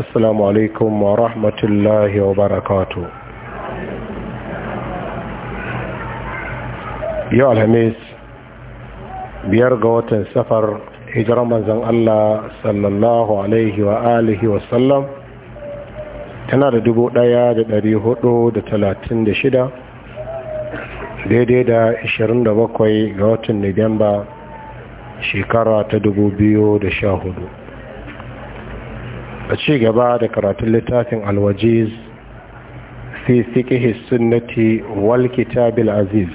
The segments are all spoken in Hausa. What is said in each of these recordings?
assalamu alaikum wa rahmatullahi wa barakatu yau alhamis biyar ga watan safar hijirar manzan Allah sallallahu alaihi wa alihi tana da dubu ɗaya da dari hudu da talatin da shida daidai da ashirin da bakwai ga watan nuwamba shekara ta dubu biyu da sha hudu a ci gaba da karatun littafin alwajiz fi fiƙihi sunnati wal kitabil aziz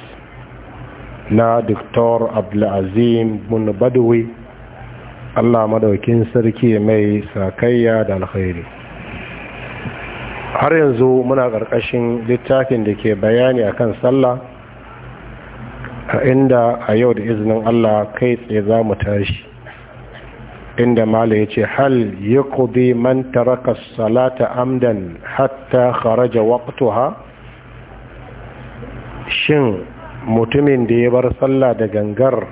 na diktor abdulazim bin badawi allah madaukin sarki mai sakayya da alkhairi har yanzu muna ƙarƙashin littafin da ke bayani a kan sallah a inda a yau da izinin allah kai tsaye za mu tashi inda malu ya ce hal ya kudi man taraka salata amdan hatta kharaja waqtuha shin mutumin da ya bar sallah da gangar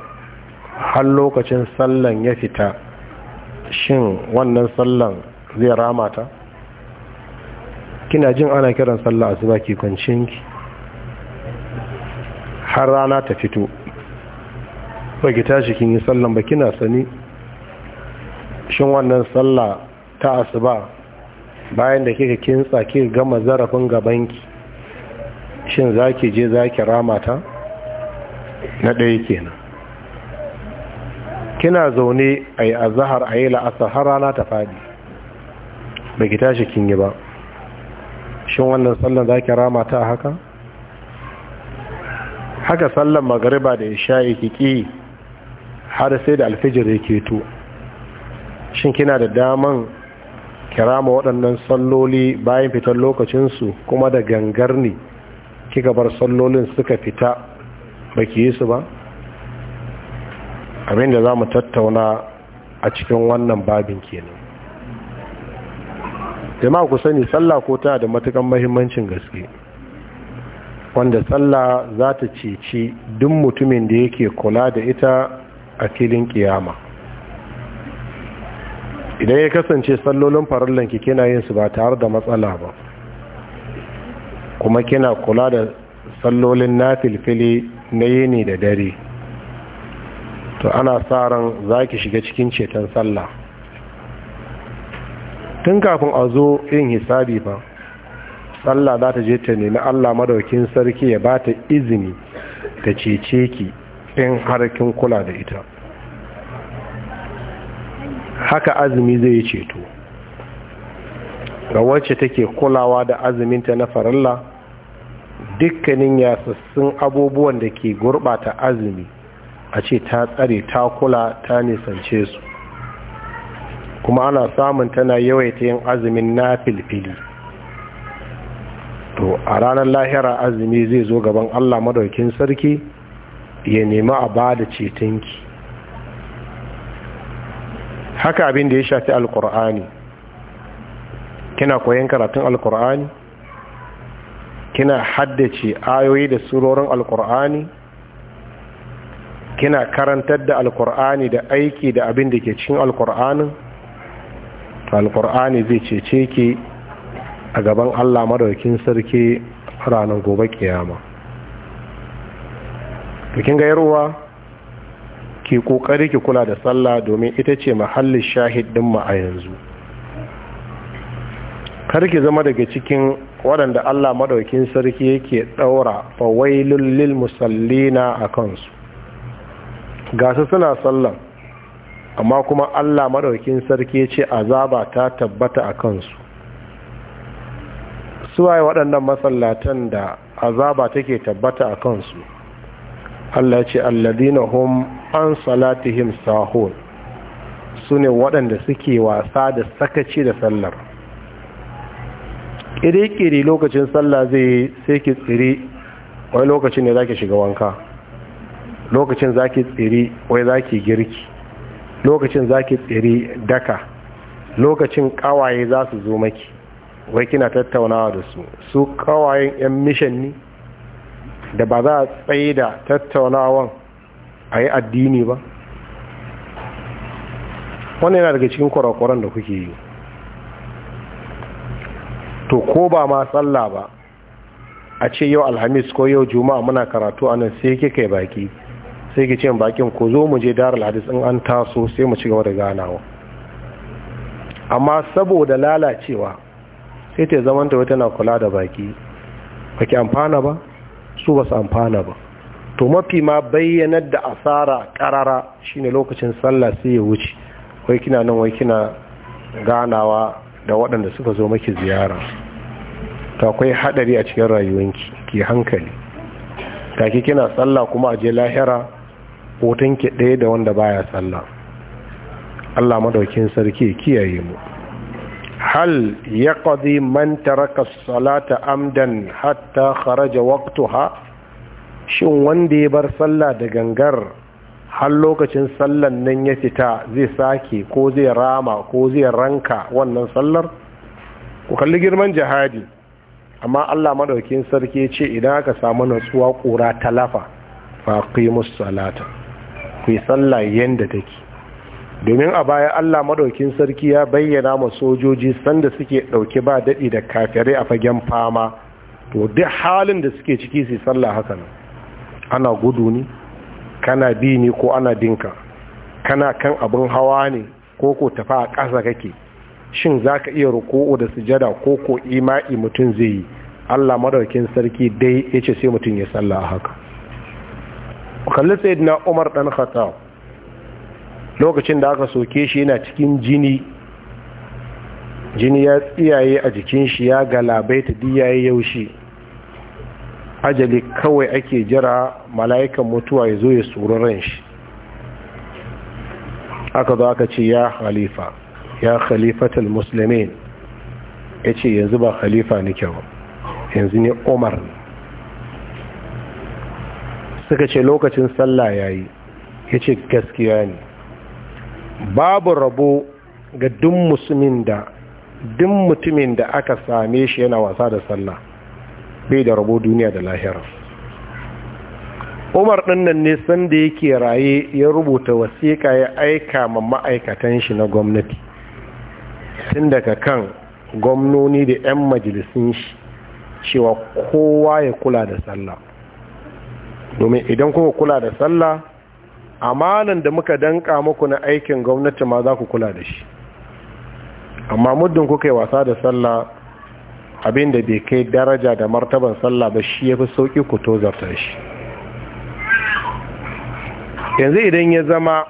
har lokacin sallan ya fita shin wannan sallan zai ramata. kina jin ana kiran sallah asuba ki har rana ta fito ba ki tashi kin yi sallan ba kina sani shin wannan sallah ta asuba bayan da kika kintsa kika gama zarafin gabanki shin zaki je zaki rama ta na ɗaya kenan kina zaune a yi azahar a yi la'asar har rana ta faɗi ba ki tashi kin yi ba shin wannan sallan za ki rama haka? haka sallan magariba da isha'i ki ƙi har sai da alfijir ya keto shin kina da daman kirama waɗannan salloli bayan fitar lokacinsu kuma da gangar ne kika bar sallolin suka fita baki yi su ba abinda za mu tattauna a cikin wannan babin kenan Jam'a ku sani sallah ko tana da matukan mahimmancin gaske wanda sallah za ta ceci duk mutumin da yake kula da ita a filin kiyama idan ya kasance sallolin farallan ki kina yin su ba tare da matsala ba kuma kina kula da sallolin filfili na yini da dare to ana sa ran za ki shiga cikin ceton sallah tun kafin a zo yin hisabi ba, sallah za ta je ta nemi allah madaukin sarki ya ba ta izini ta cece ki in harkin kula da ita haka azumi zai ce to, ga wacce take kulawa da azuminta na faralla, dukkanin yasassun abubuwan da ke gurbata azumi a ce ta tsare ta kula ta nisance su kuma ana samun tana yawaita yin azumin na filfili to a ranar lahira azumi zai zo gaban allah madaukin sarki ya nemi a ba da cetonki haka abin da ya shafi alkur'ani kina koyon karatun alkur'ani kina haddace ayoyi da surorin alkur'ani kina karantar da alkur'ani da aiki da abin da ke cikin alkur'anin alkur'ani zai cece ki a gaban allah madaukin sarki ranar gobe kiyama to kin ga yarwa ki kokari ki kula da sallah domin ita ce mahallin shahid din mu a yanzu kar ki zama daga cikin waɗanda Allah maɗaukin sarki yake daura fawailul lil musallina a kansu ga suna sallan amma kuma Allah maɗaukin sarki ya ce azaba ta tabbata a kansu suwaye waɗannan masallatan da azaba take tabbata a kansu Allah ya ce alladhina hum an salatihim sahun su ne waɗanda suke wasa da sakaci da sallar ƙiri-ƙiri lokacin sallah zai sai ki tsiri wai lokacin ne za ki shiga wanka lokacin za ki tsiri wai za ki girki lokacin za ki tsiri daka lokacin ƙawaye za su zo maki wai kina tattaunawa da su su ƙawayen 'yan mishan ne da ba za a tsaye da tattaunawan a yi addini ba wannan yana daga cikin kwarakwaran da kuke yi to ko ba ma tsalla ba a ce yau alhamis ko yau juma'a muna karatu a nan sai kika yi baki sai ki ce bakin ko zo mu je darar hadis in an taso sai mu ci gaba da ganawa amma saboda lalacewa sai ta zamanta wata na kula da baki ba amfana ba su ba su amfana ba to mafi ma bayyanar da asara karara shine lokacin sallah sai ya wuce wai kina nan wai kina ganawa da waɗanda suka zo maki ziyara ta akwai haɗari a cikin rayuwanki ki hankali ta ki kina sallah kuma a je lahira hotonki ɗaya da wanda baya sallah Allah madaukin sarki kiyaye mu hal yaqdi man taraka as-salata amdan hatta kharaja ha. shin wanda ya bar sallah da gangar har lokacin sallan nan ya fita zai sake ko zai rama ko zai ranka wannan sallar ku kalli girman jihadi amma allah madaukin sarki ce idan aka samu natsuwa kura talafa faqimus salata ku yi sallah yanda take domin a baya allah madaukin sarki ya bayyana ma sojoji sanda suke ɗauki ba daɗi da kafirai a fagen fama to duk halin da suke ciki su sallah haka nan ana gudu ne kana bi ne ko ana dinka? kana kan abin hawa ne ko ko tafi a ƙasa kake shin za ka iya ruku'u da sujada ko ko ima'i mutum zai yi allah madaukin sarki dai ya ce sai mutum ya salla a haka kalli sayyidina umar ɗan khattab lokacin da aka soke shi yana cikin jini jini ya tsiyaye a jikin shi ya galabaita ta yayi yaushe. ajali kawai ake jira mala'ikan mutuwa ya zo ya tsoron ran shi aka zo aka ce ya khalifa ya khalifatul musulmin ya ce yanzu ba khalifa ni kyau yanzu ne umar suka ce lokacin sallah ya yi ya ce gaskiya ne babu rabo ga dun musulmin da dun mutumin da aka same shi yana wasa da sallah bai da rabo duniya da lahira umar nan ne sanda yake raye ya rubuta wasiƙa ya aika ma ma'aikatan shi na gwamnati tun daga kan gwamnoni da 'yan majalisun shi cewa kowa ya kula da sallah domin idan kuka kula da sallah malam da muka danka muku na aikin gwamnati ma za ku kula da shi amma muddin kuka yi wasa da sallah abin da bai kai daraja da martaban sallah ba shi ya fi sauƙi ku tozarta shi yanzu idan ya zama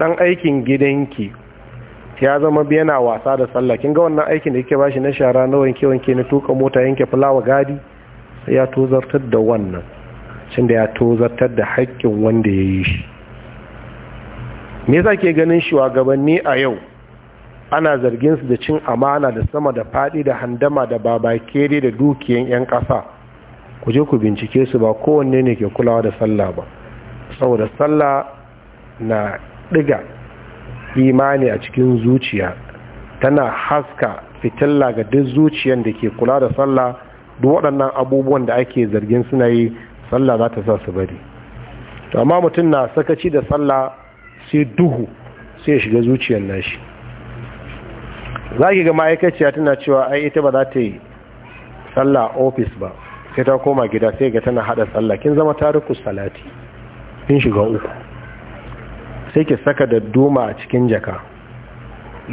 ɗan aikin gidanki ya zama yana wasa da sallah kin ga wannan aikin da yake bashi na shara na wanke wanke na tuka mota yanke fulawa gadi sai ya tozartar da wannan cin da ya tozartar da haƙƙin wanda ya yi shi me yasa ke ganin shi wa gabanni a yau ana zargin su da cin amana da sama da faɗi da handama da babakere da dukiyan 'yan kasa ku je ku bincike su ba kowanne ne ke kulawa da sallah ba saboda sallah na ɗiga imani a cikin zuciya tana haska fitilla ga duk zuciyan da ke kula da sallah duk waɗannan abubuwan da ake zargin suna yi sallah za ta sa su bari amma mutum na sakaci da sallah sai duhu sai ya shiga zuciyar nashi za ki ga ma'aikaciya tana cewa ai ita ba za ta yi sallah ofis ba sai ta koma gida sai ga tana hada sallah kin zama tariku salati kin shiga uku sai ki saka da duma a cikin jaka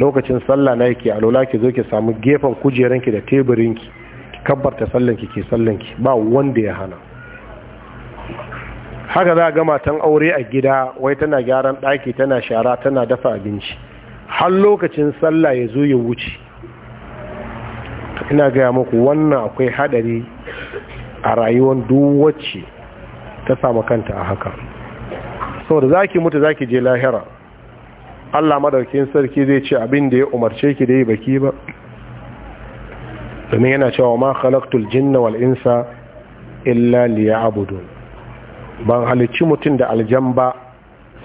lokacin sallah na yake alola ki zo ki samu gefen kujeranki da teburinki ki kabbarta sallanki ke sallanki ba wanda ya hana haka za a gama tan aure a gida wai tana gyaran ɗaki tana shara tana dafa abinci har lokacin sallah ya zo ya wuce ina gaya muku wannan akwai hadari a rayuwar duwacce ta samu kanta a haka saboda ki mutu za ki je lahira Allah madaukin sarki zai ce abin da ya umarce ki da yi baki ba domin yana cewa ma khalaktul jinna wal insa illa liya abudu ban halicci mutum da aljamba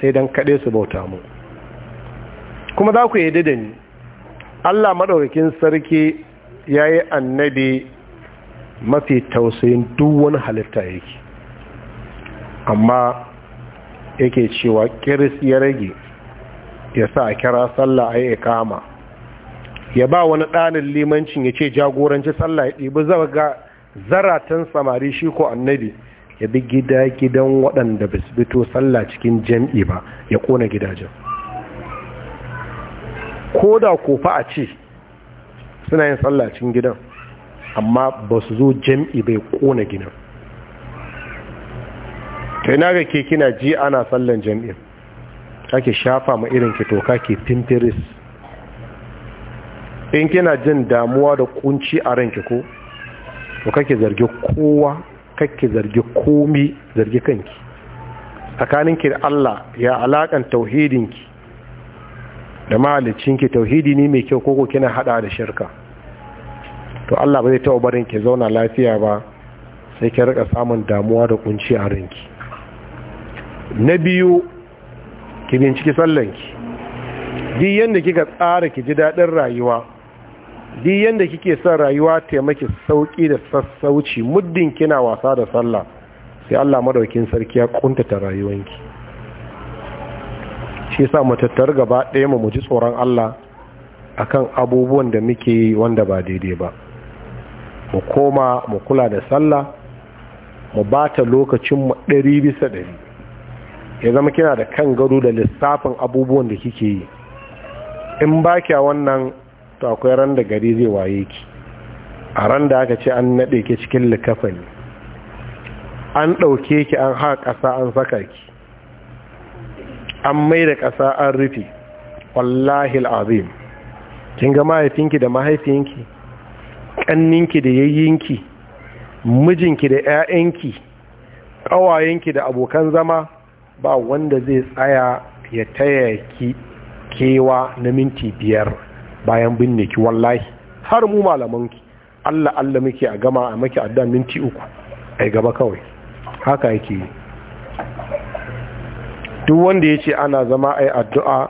sai don kaɗe su bauta mu kuma za ku yi da ni Allah maɗaukakin sarki ya yi annabi mafi tausayin duk wani halitta yake amma yake cewa kiris ya rage ya sa a kira sallah a yi kama ya ba wani ɗanin limancin ya ce jagoranci sallah ya ɗibi zaba ga zaratan samari shi ko annabi ya bi gida gidan waɗanda ba su fito sallah cikin jam'i ba ya ƙona gidajen ko da kofa a ce suna yin tsallacin gidan amma ba su zo jam'i bai kona gidan ta ga ke kina ji ana tsallon jam'i kake shafa ma irin ki toka ke pimpiris in kina jin damuwa da kunci a ranki ko to kake zargi kowa kake zargi komi zargi kanki tsakaninki da Allah ya alakan tauhidinki da mahalicinki tauhidi ne mai kyau koko kina hada da shirka to Allah ba zai taɓa barin ki zauna lafiya ba sai ki rika samun damuwa da kunci a ranki na biyu ki binciki sallanki duk yanda kika tsara ki ji daɗin rayuwa duk yanda kike son rayuwa taimaki sauƙi da sassauci muddin kina wasa da sallah sai Allah madaukin sarki ya kuntata rayuwanki shi sa mu tattar gaba ɗaya mu ji tsoron Allah akan abubuwan da muke yi wanda ba daidai ba mu koma mu kula da sallah mu ba ta lokacin mu ɗari bisa ɗari ya zama kina da kan gado da lissafin abubuwan da kike yi in ba kya wannan to akwai ran da gari zai waye ki a ran da aka ce an naɗe ki cikin likafani an ɗauke ki an haƙa ƙasa an saka ki an mai da ƙasa an rufe wallahi al'azim kin ga mahaifinki da mahaifinki ƙanninki da yayyinki mijinki da 'ya'yanki ƙawayenki da abokan zama ba wanda zai tsaya ya taya kewa na minti biyar bayan binne ki wallahi har mu malamanki Allah Allah muke a gama a maki addan minti uku ai gaba kawai haka yake duk wanda ya ce ana zama a yi addu'a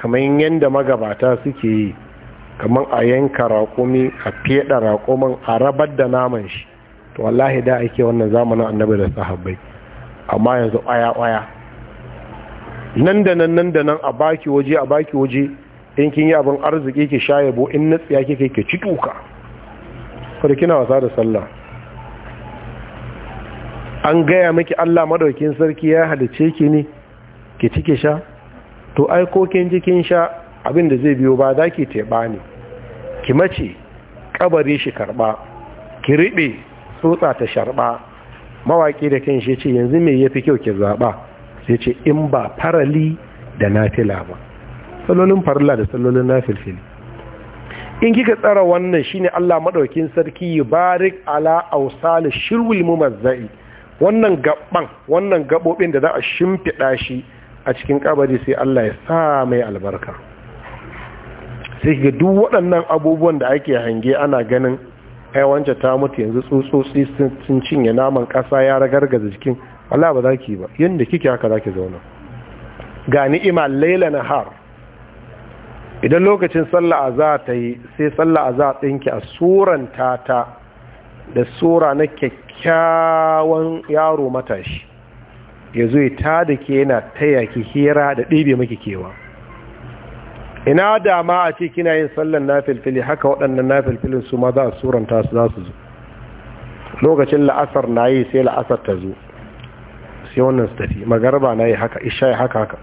kamar yadda magabata suke yi kamar a yanka raƙumi a feɗa raƙumin a rabar da naman shi to wallahi da ake wannan zamanin annabi da sahabbai amma yanzu ƙwaya-ƙwaya nan da nan nan da nan a baki waje a baki waje in kin yi abin arziki ki sha yabo in natsiya Kai ki ci tuka kada kina wasa da sallah an gaya miki Allah madaukin sarki ya halice ki ne ki cike sha to ai jikin sha abin da zai biyo ba za ki teba ne ki mace kabari shi karba ki riɓe tsotsa ta sharba mawaƙi da kan shi ce yanzu me fi kyau ki zaɓa sai ce in ba farali da nafila ba Salonin farla da sallolin nafilfili in kika tsara wannan shine Allah Maɗaukin sarki barik ala awsal shirwil mumazzai wannan gabban wannan gaɓoɓin da za a shimfiɗa shi a cikin kabari sai Allah ya sa mai albarka sai ga duk waɗannan abubuwan da ake hange ana ganin ai wancan ta mutu yanzu tsutsotsi sun cinye naman ƙasa ya ragargaza cikin, Allah ba za ki ba yadda kike haka za ki zauna ga ni'ima laila na har idan lokacin sallah za ta yi sai sallah za ta ɗinki a suranta ta da sura na kyakkyawan yaro matashi ya zo ta da ke yana taya ki hira da ɗebe maki kewa ina da ma a ce kina yin sallan na filfili haka waɗannan na su ma za a suranta su za su zo lokacin la'asar na yi sai la'asar ta zo sai wannan su tafi magarba na yi haka isha ya haka haka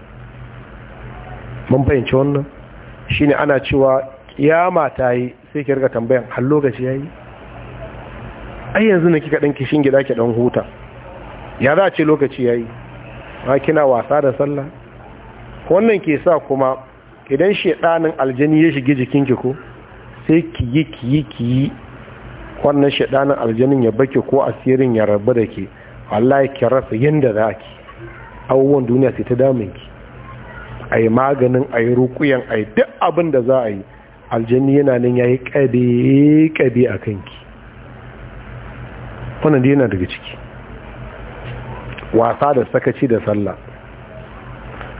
mun fahimci wannan ne ana cewa kiyama ta yi sai ki riga tambayan har lokaci ya yi ai yanzu na kika ɗan kishin gida ke ɗan huta ya za a ce lokaci ya yi ma kina wasa da sallah wannan ke sa kuma idan shaɗanin aljani ya shige jikinki ko sai ki yi ki yi ki yi wannan shaɗanin aljanin ya baki ko asirin ya rabu da ke wallahi ki rasa yadda za ki abubuwan duniya sai ta damun ki. a yi maganin a yi rukuyan a yi duk abin da za a yi aljani yana nan ya yi ƙabe-ƙabe a kanki wannan da yana daga ciki wasa da sakaci da sallah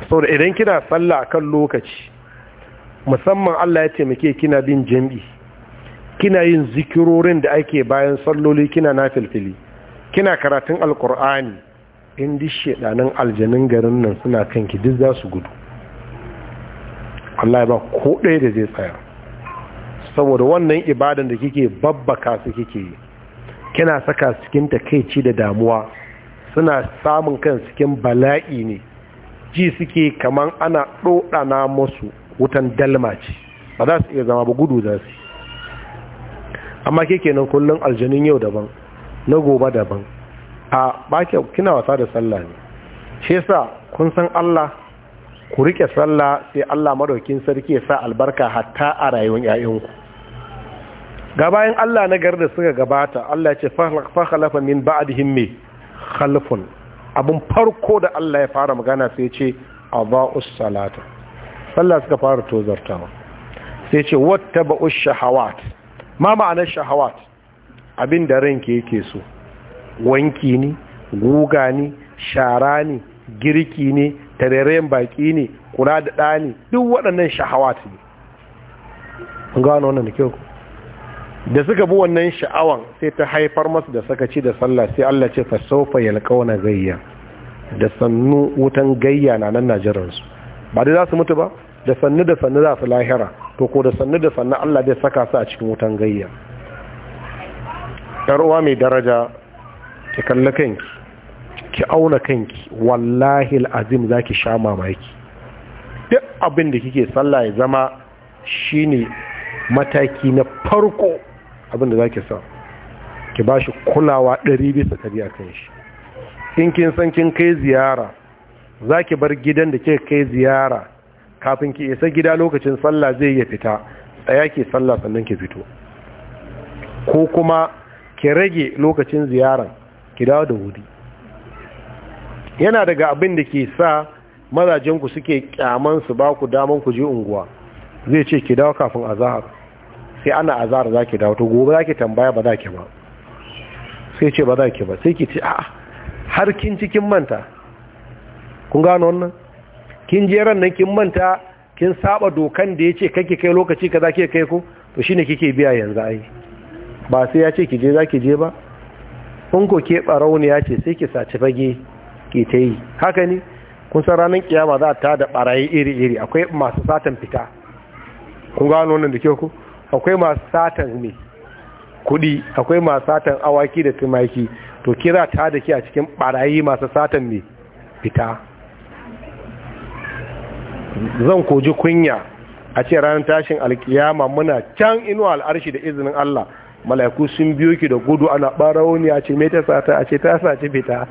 saboda idan kina sallah kan lokaci musamman Allah ya taimake kina bin jam'i kina yin zikirorin da ake bayan salloli kina na kina karatun alkur'ani in duk shedanin aljanin garin nan suna kanki duk za su gudu Allah ya ba ko ɗaya da zai tsaya saboda wannan ibadan da kike babbaka su kike yi kina saka cikin ta ci da damuwa suna samun kan cikin bala'i ne ji suke kamar ana ɗoɗana masu wutan dalma ce ba za su iya zama ba gudu za su amma ke kenan kullum aljanin yau daban na gobe daban a bakin kina wasa da sallah ne shi yasa kun san Allah ku rike sallah sai Allah madaukin sarki ya sa albarka hatta a rayuwar ƴaƴanku gabayin Allah na garda da suka gabata Allah ya ce fa khalafa min ba'dihim himme khalfun abin farko da Allah ya fara magana sai ce a ba'us salata sallah suka fara tozartawa sai ce ba'us shahawat ma ma'anar shahawat abin da ranke yake so wanki ne guga ne shara ne girki ne tarerayen baki ne kula da ɗani duk waɗannan shahawat ne gano wannan kyau da suka bi wannan sha'awan sai ta haifar masu da sakaci da sallah sai Allah ce fasofa yalqauna gayya da sannu wutan gayya na nan najiransu ba da za su mutu ba da sannu da sannu za su lahira to ko da sannu da sannu Allah zai saka su a cikin wutan gayya yar mai daraja ki kalli kanki ki auna kanki wallahi alazim ki sha mamaki duk abin da kike sallah ya zama shine mataki na farko abinda za ki sa ki ba shi kulawa ɗari bisa ɗari a kan shi in kin san kin kai ziyara za ki bar gidan da kika kai ziyara kafin ki isa gida lokacin sallah zai iya fita tsaya ke sallah sannan ki fito ko kuma ki rage lokacin ziyaran ki dawo da wuri yana daga abin da ke sa mazajenku suke kyaman su ba ku daman ku je unguwa zai ce ki dawo kafin a azahar sai ana azar za ki dawo to gobe za ki tambaya ba za ki ba sai ce ba za ki ba sai ki ce a har kin cikin manta kun gano wannan kin je ran nan kin manta kin saba dokan da yace kake kai lokaci kaza ke kai ko to shine kike biya yanzu ai ba sai ya ce ki je za ki je ba kun ko ke ya ce sai ki saci fage ki ta yi haka ne kun san ranar kiyama za ta da barayi iri-iri akwai masu satan fita kun gano wannan da ke ku akwai masu satan ne kudi akwai masu satan awaki da tumaki to kira ta da ke a cikin barayi masu satan ne fita zan koji kunya a ce ranar tashin alkiyama muna can inuwa al'arshi da izinin Allah mala'iku sun biyo ki da gudu ana barawo ne a ce mai ta sata a ce ta sace fita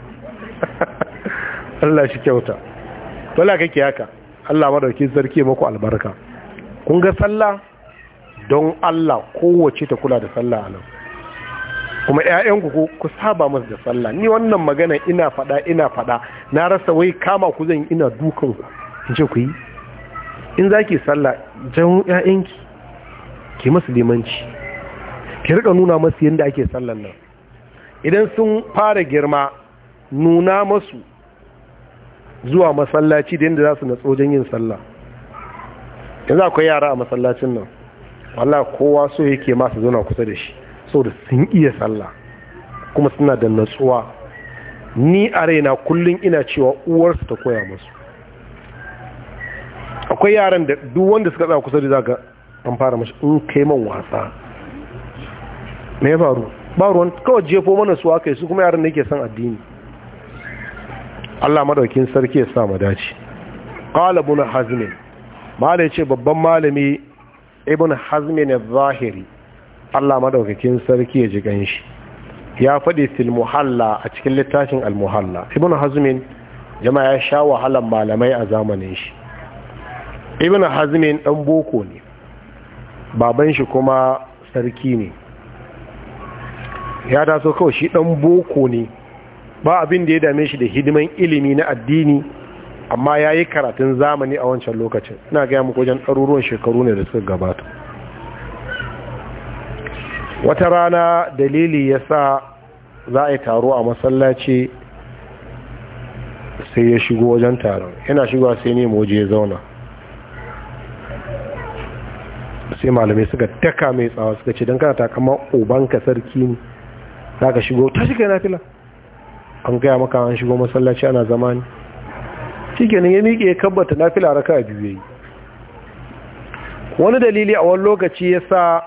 Allah shi kyauta wala kake haka Allah madauki sarki maku albarka kun ga sallah don Allah kowace ta kula da sallah nan kuma ƴaƴanku ku ku saba masu da sallah ni wannan magana ina fada ina fada na rasa wai kama ku zan ina dukan ku in ce ku yi in zaki sallah jan ƴaƴanki ki masu limanci ki rika nuna masu yadda ake sallan nan idan sun fara girma nuna masu zuwa masallaci da yadda za su natso tsojen yin sallah yanzu akwai yara a masallacin nan Allah kowa so yake ma su zauna kusa da shi saboda sun iya sallah kuma suna da natsuwa ni a raina kullum ina cewa uwarsu ta koya musu akwai yaran da duk wanda suka tsaya kusa da zaga an fara mashi in kai man wasa me faru ba ruwan kawai jefo mana su aka su kuma yaran da yake son addini Allah madaukin sarki ya sa mu dace qala ibn hazm mala yace babban malami ibn hazmin zahiri allah madaukakin sarki ya ji ganshi ya faɗi fil a cikin littafin al-muhalla ibn hazmin jama'a ya sha wahalan malamai a zamanin shi ibn hazmin ɗan boko ne baban shi kuma sarki ne ya taso kawai shi ɗan boko ne ba abin da ya dame shi da hidiman ilimi na addini amma ya yi karatun zamani a wancan lokacin ina gaya muku wajen ɗaruruwan shekaru ne da suka gabata wata rana dalili ya sa za a yi taro a masallaci sai ya shigo wajen taron yana shigowa sai ne moji ya zauna sai malamai suka taka mai tsawa suka ce don kana takama obanka sarki ne za ka shigo ta shiga yana fila an gaya maka an shigo masallaci ana zamani shikenan ya miƙe ya kabbata nafila raka biyu yayi wani dalili a wani lokaci yasa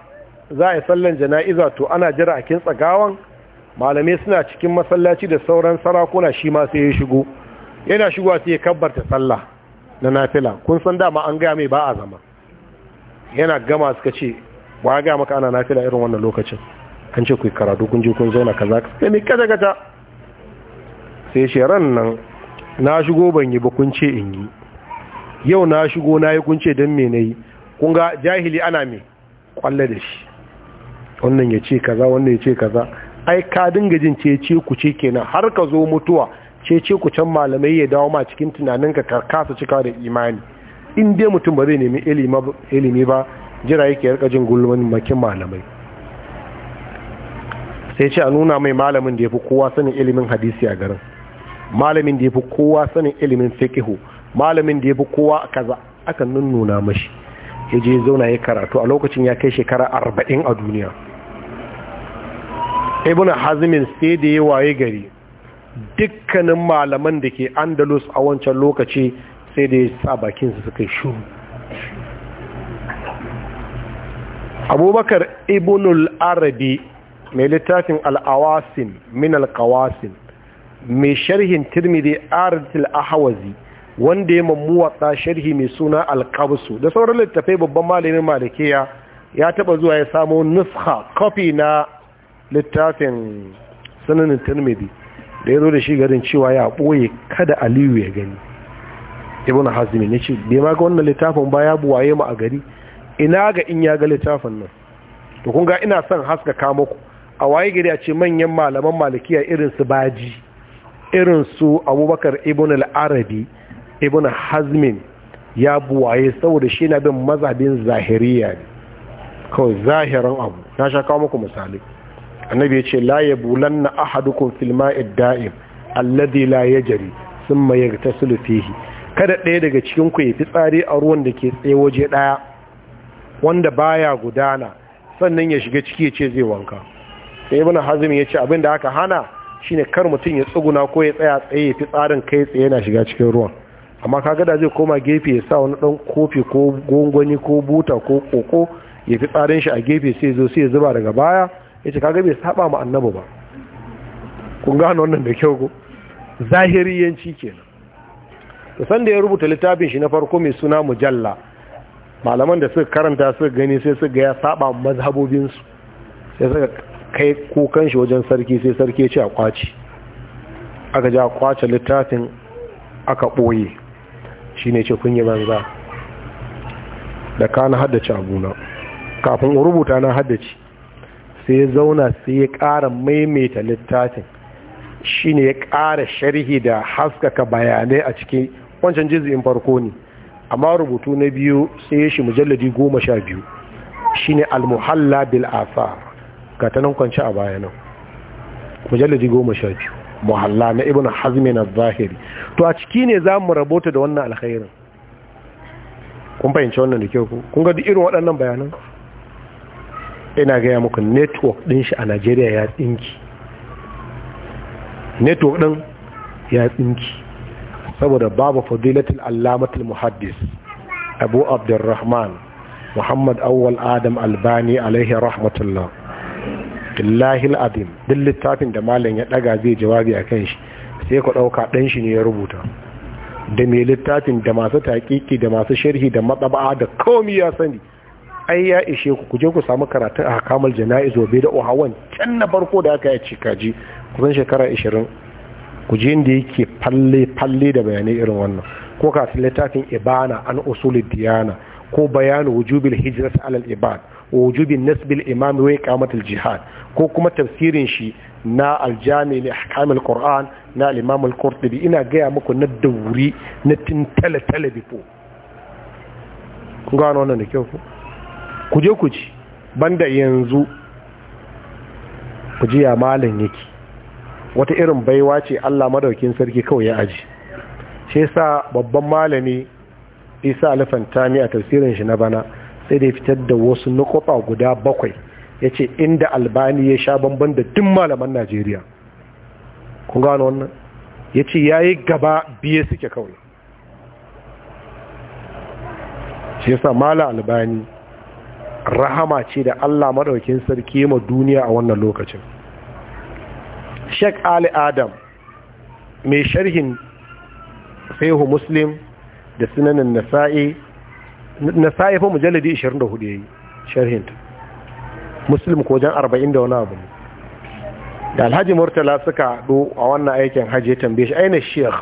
za a yi sallan jana'iza to ana jira a kintsa gawan malamai suna cikin masallaci da sauran sarakuna shi ma sai ya shigo yana shigowa sai ya kabbarta sallah na nafila kun san dama an gaya mai ba a zama yana gama suka ce ba ga maka ana nafila irin wannan lokacin an ce ku karatu kun je kun zauna kaza sai mai kaza kaza sai shi ran nan na shigo ban yi ba kun ce in yi yau na shigo na yi kun ce don me na yi kun jahili ana me kwallo da shi wannan ya ce kaza wannan ya ce kaza ai ka dinga jin ce ce ku ce kenan har ka zo mutuwa ce ce ku can malamai ya dawo ma cikin tunanin ka kasa cika da imani in dai mutum ba zai nemi ilimi ba jira yake yarka jin gulman makin malamai sai ce a nuna mai malamin da ya fi kowa sanin ilimin hadisi a garin malamin da ya fi kowa sanin ilimin fikihu malamin da ya fi kowa kaza aka nunnuna mashi ya je zauna ya karatu a lokacin ya kai shekara arba'in a duniya ibn al-hazimin sai da ya waye gari dukkanin malaman da ke andalus a wancan lokaci sai da ya sa bakinsu suka shiru. abubakar ibn al-arabi mai littafin al-awasin min al-qawasin mai sharhin tirmidhi ardil Ahawazi wanda ya ta sharhi mai suna alkabsu da sauran littafai babban malamin malikiya ya taba zuwa ya samo nuskha copy na littafin sanin tirmidhi da ya zo da shi garin cewa ya ɓoye kada aliyu ya gani ibn hazmi ya ce bai ma ga wannan littafin ba ya buwaye mu a gari ina ga in ya ga littafin nan to kun ga ina son haskaka muku a waye gari a ce manyan malaman malikiya irin su baji irin su abubakar ibn al ibn hazmin ya buwaye saboda shi na bin mazabin zahiriya ne kawai zahiran abu na sha kawo muku misali annabi ya ce la ya bulan na ahadukun filma idda'im alladhi la ya jari sun maye ta sulufihi kada ɗaya daga cikin ku ya tsari a ruwan da ke tsaye waje ɗaya wanda baya gudana sannan ya shiga ciki ya ce zai wanka ibn Hazmin ya ce abin da aka hana shine kar mutum ya tsuguna ko ya tsaya tsaye ya fi tsarin kai tsaye yana shiga cikin ruwan amma ka gada zai koma gefe ya sa wani dan kofi ko gongoni ko buta ko koko ya fi tsarin shi a gefe sai zo sai ya zuba daga baya ya ce kaga bai saba ma annabi ba kun gane wannan da kyau ko zahiriyanci kenan to san da ya rubuta littafin shi na farko mai suna mujalla malaman da suka karanta suka gani sai suka ga ya saba mazhabobinsu sai suka kai kukan shi wajen sarki sai sarki ce a kwaci aka ja kwace littafin aka ɓoye shi ne ce kun yi banza da ka na haddace abuna kafin rubuta na haddace sai ya zauna sai ya ƙara maimaita littafin shi ne ya ƙara sharhi da haskaka bayanai a cikin wancan in farko ne amma rubutu na biyu sai ya shi mujalladi goma sha biyu shi ne almuhalla bil ga ta nan kwanci a baya nan mujalladi goma sha biyu muhalla na ibn hazmi na zahiri to a ciki ne za mu rabota da wannan alkhairin kun fahimci wannan da kyau ku kun ga duk irin waɗannan bayanan ina gaya muku network ɗin shi a najeriya ya tsinki network ɗin ya tsinki saboda babu fadilatul allamatul muhaddis abu abdurrahman muhammad awwal adam albani alaihi rahmatullah billahi al'adim duk littafin da malam ya daga zai jawabi a kan shi sai ku ɗauka ɗan shi ne ya rubuta da mai littafin da masu taƙiƙi da masu sharhi da matsaba'a da komi ya sani ai ya ishe ku kuje ku samu karatun a kamal jana'iz wa da ohawan can na farko da aka yi cikaji kusan shekara 20 je inda yake falle falle da bayanai irin wannan ko kafin littafin ibana an usulul diyana ko bayanu wujubil hijrat alal ibad wujubin nasbil imam wa iqamatul jihad ko kuma tafsirin shi na aljami li ahkamil qur'an na al-imam al-qurtubi ina gaya muku na dauri na tintala talabifo kun gano wannan da kyau ku je ku ci banda yanzu ku ji ya malam yake wata irin baiwa ce Allah madaukin sarki kawai ya aji shi yasa babban malami Isa Alfantami a tafsirin shi na bana sai da ya fitar da wasu nukuta guda bakwai ya ce inda albani ya sha bamban da duk malaman najeriya kun gano wannan ya ce ya yi gaba biye suke kawai shi yasa mala albani rahama ce da allah maɗaukin sarki ma duniya a wannan lokacin sheik ali adam mai sharhin sahihu muslim da sunanin nasa'i na sa'ifa mujalladi 24 yayi sharhinta muslim ko jan 40 da wani abu ne da alhaji murtala suka do a wannan aikin hajji ya tambaye shi aina sheikh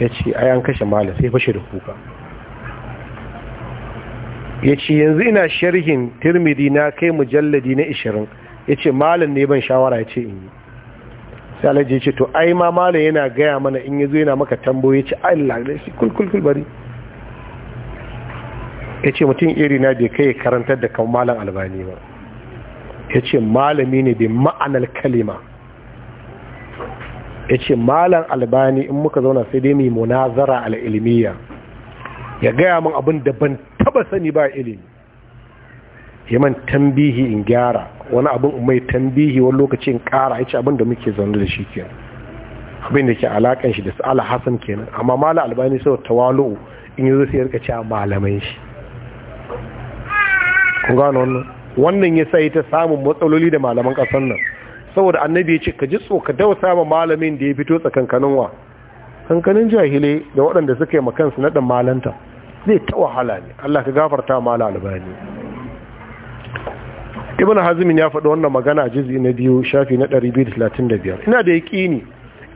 ya ce ai an kashe malam sai fashe da kuka ya ce yanzu ina sharhin tirmidhi na kai mujalladi na 20 ya ce malam ne ban shawara ya ce in yi sai alhaji ya ce to ai ma malam yana gaya mana in ya zo yana maka tambo ya ce allah da shi kulkulkul bari ya ce mutum iri na bai kai karantar da kan malam albani ba ya ce malami ne bai ma'anar kalima ya ce malam albani in muka zauna sai dai mai munazara al'ilmiya ya gaya min abin da ban taba sani ba ilimi ya man tambihi in gyara wani abin mai tambihi wani lokaci in kara ya ce abin da muke zaune da shi kenan abin da ke alakan shi da su ala kenan amma malam albani sau tawalu'u in yi zo sai ya rika cewa malaman shi kun wannan ya sa ta samun matsaloli da malaman kasar nan saboda annabi ya ce ka ji tsoka dausa sama malamin da ya fito tsakankanin wa kankanin jahilai da waɗanda suka yi makansu na ɗan malanta zai ta wahala ne Allah ka gafarta mala albani ibn hazmin ya faɗi wannan magana a jizi na biyu shafi na 235 ina da yaƙini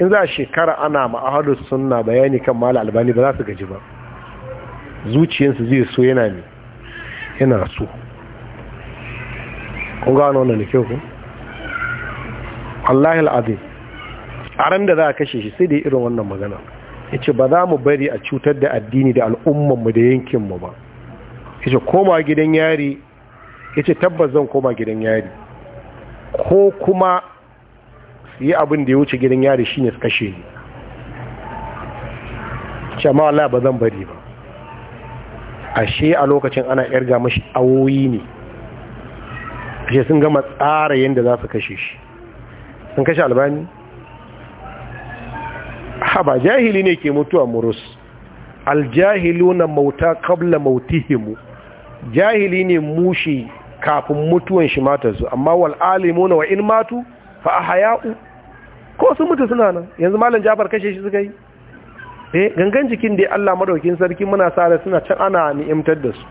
in za a shekara ana ma'ahadus sunna bayani kan mala albani ba za su gaji ba zuciyarsu zai so yana ne yana so kun gano wannan da kyau ku Allah al'azim a ran da za a kashe shi sai da irin wannan magana ya ce ba za mu bari a cutar da addini da al'ummanmu da yankinmu ba ya ce koma gidan yari ya ce tabbas zan koma gidan yari ko kuma su yi abin da ya wuce gidan yari shine su kashe ni ce amma Allah ba zan bari ba ashe a lokacin ana yarga mashi awoyi ne ashe sun gama tsara yadda za su kashe shi sun kashe albani haba jahili ne ke mutuwa murus aljahilu na mauta kabla mautihimu jahili ne mushi kafin mutuwan shi matarsu amma wal alimu na wa'in in matu fa a haya'u ko sun mutu suna nan yanzu malam jabar kashe shi suka yi eh gangan jikin da Allah madaukin sarki muna sa suna can ana ni'imtar da su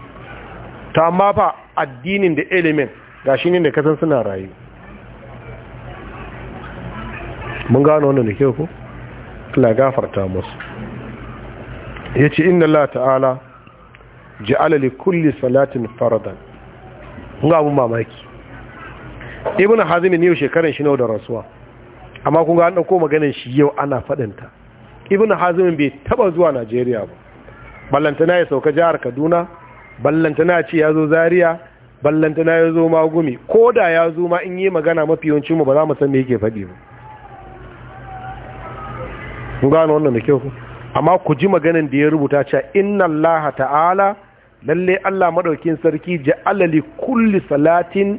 ta amma fa addinin da element ga shi ne da kasan suna rayu mun gano wannan da kyau ko la gafarta musu ya ce inna la ta'ala ji alali kulli salatin faradan ga abun mamaki ibn hazim ne yau shekaran shi nawa da rasuwa amma kun ga an ɗauko maganar shi yau ana fadanta ibn hazim bai taɓa zuwa Najeriya ba ballantana ya sauka jihar Kaduna ballantana ce ya zo Zaria ballantana ya zo ma gumi ko da ya zo ma in yi magana mafi yawancin mu ba za mu san me yake faɗi ba Mun gano wannan da kyau amma ku ji maganin da ya rubuta cewa inna allaha ta'ala lalle Allah maɗaukin sarki ja'ala alali, kulli salatin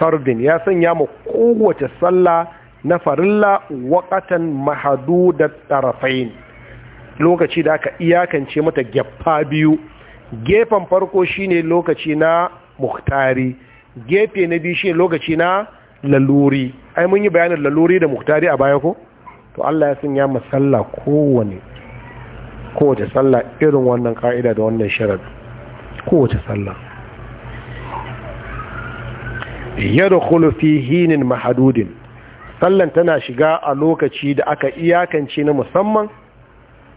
fardin ya sanya mu kowace sallah na farilla waqatan mahdudat tarafain lokaci da aka iyakance mata gefa biyu gefen farko shine lokaci na muhtari gefe na biyu shi lokaci na laluri ai mun yi bayanin laluri da muhtari a baya ko to Allah ya sanya mu sallah kowane kowace sallah irin wannan ka'ida da wannan sharad kowace sallah yadkhulu fi hinin mahadudin sallan tana shiga a lokaci da aka iyakance na musamman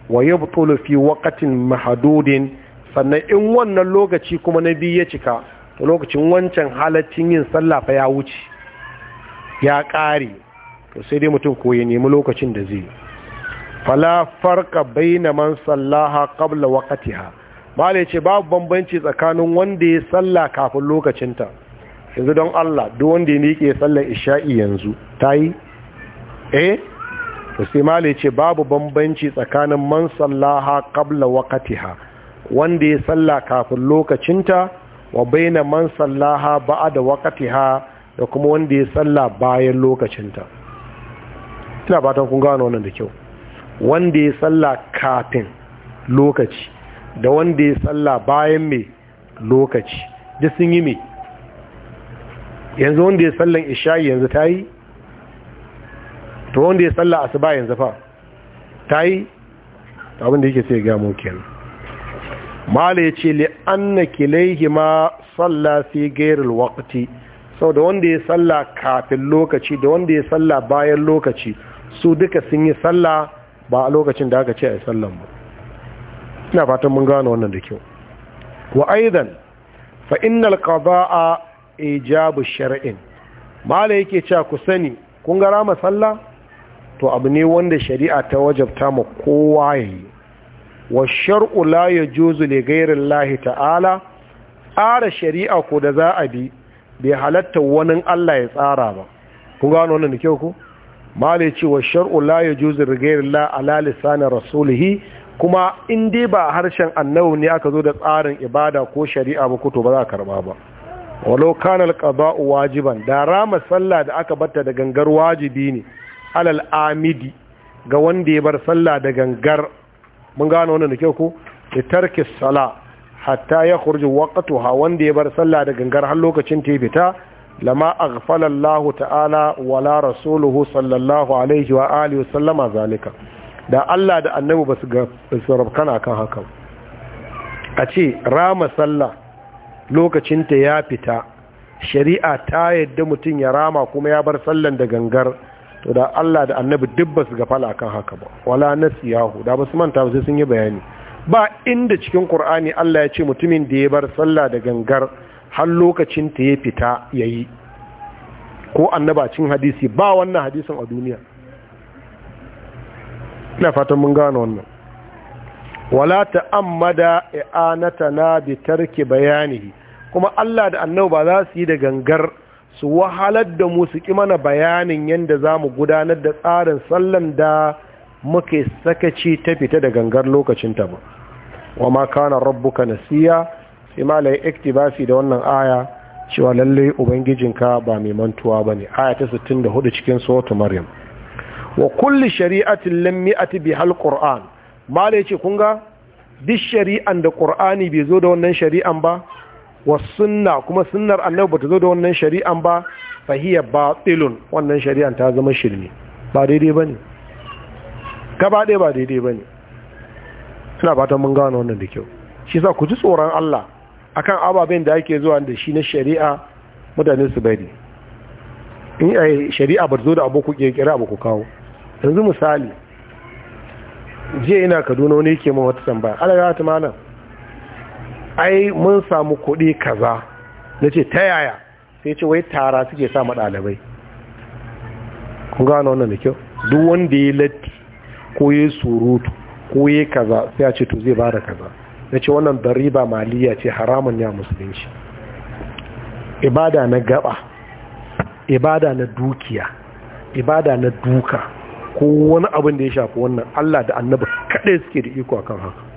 wa yabtulu fi waqtin mahadudin sannan in wannan lokaci kuma na biyu ya cika lokacin wancan halaccin yin sallah fa ya wuce ya ƙare to sai dai mutum ko ya nemi lokacin da zai fala farka baina man sallaha qabla waqtiha malai ce babu bambanci tsakanin wanda ya sallah kafin lokacinta yanzu don Allah duk wanda ya miƙe sallar isha'i yanzu tayi eh to sai malai ce babu bambanci tsakanin man sallaha qabla waqtiha wanda ya sallah kafin lokacinta wa baina man sallaha ba'da waqtiha da kuma wanda ya salla bayan lokacinta ina fatan kun gano wannan da kyau wanda ya salla kafin lokaci da wanda ya salla bayan mai lokaci da sun yi mai yanzu wanda ya sallan isha'i yanzu ta yi to wanda ya salla asuba yanzu fa ta yi abinda yake sai gamo kenan mala ya ce anna kilaihi ma salla fi gairul waqti sau da wanda ya salla kafin lokaci da wanda ya salla bayan lokaci su duka sun yi salla ba a lokacin da aka ce a sallan ba ina fatan mun gano wannan da kyau wa aidan fa innal qada'a ijabu shar'in mala yake cewa ku sani kun ga rama salla to abu ne wanda shari'a ta wajabta ma kowa yayi wa shar'u la yajuzu li ghayri ta'ala tsara shari'a ko da za a bi bai halatta wani Allah ya tsara ba kun gano wannan kyau ko mali ce wa shar'u la yajuzu li ala lisanin rasulihi kuma in dai ba harshen annabi ne aka zo da tsarin ibada ko shari'a ba to ba za a karba ba walau kana alqada'u wajiban da rama sallah da aka batta da gangar wajibi ne alal amidi ga wanda ya bar sallah da gangar mun gano wannan da kyau ko da tarki sala hatta ya kurji waqtuha wanda ya bar sallah da gangar har lokacin ta fita lama aghfala Allah ta'ala wala rasuluhu sallallahu alaihi wa alihi wa sallama zalika da Allah da annabi basu ga sarrafkana kan haka a ce rama sallah lokacin ta ya fita shari'a ta yadda mutum ya rama kuma ya bar sallan da gangar to da Allah da annabi dubba su gafala akan haka ba wala nasiyahu da basu manta ba sai sun yi bayani ba inda cikin Qur'ani Allah ya ce mutumin da ya bar sallah da gangar har lokacin ta ya fita yayi ko annabacin hadisi ba wannan hadisin a duniya ina fatan mun gane wannan wala ta'ammada i'anatana bi tarki bayanihi kuma Allah da annabi ba za su yi da gangar su wahalar da mu su ƙi mana bayanin yadda za mu gudanar da tsarin sallan da muke sakaci ta fita da gangar lokacin ta ba wa ma kana rabbuka nasiya sai malai iktibasi da wannan aya cewa lalle ubangijinka ba mai mantuwa ba ne aya ta hudu cikin suratul maryam wa kulli shari'atin lam hal qur'an, ma lai ce kunga ga duk shari'an da qur'ani bai zo da wannan shari'an ba wasunna kuma sunnar annabi bata zo da wannan shari'an ba fahiya batilun wannan shari'an ta zama shirme ba daidai bane ne ka ba daidai bane suna fatan mun gano wannan da kyau shi sa ku ji tsoron Allah akan ababen da ake zuwa da shi na shari'a mutane su bari in ai shari'a ba zo da abu ku kekira abu ku kawo yanzu misali jiya ina Kaduna wani yake min wata tambaya Allah ya ta malam ai mun samu kuɗi kaza na ce ta yaya sai ce wai tara suke sa ɗalibai kun gano wannan da kyau duk wanda ya latti ko ya surutu ko ya kaza sai a ce to zai bada kaza na ce wannan dariba maliya ce haramun ya musulunci ibada na gaba ibada na dukiya ibada na duka ko wani abin da ya shafi wannan allah da annabi kaɗai suke da iko a kan haka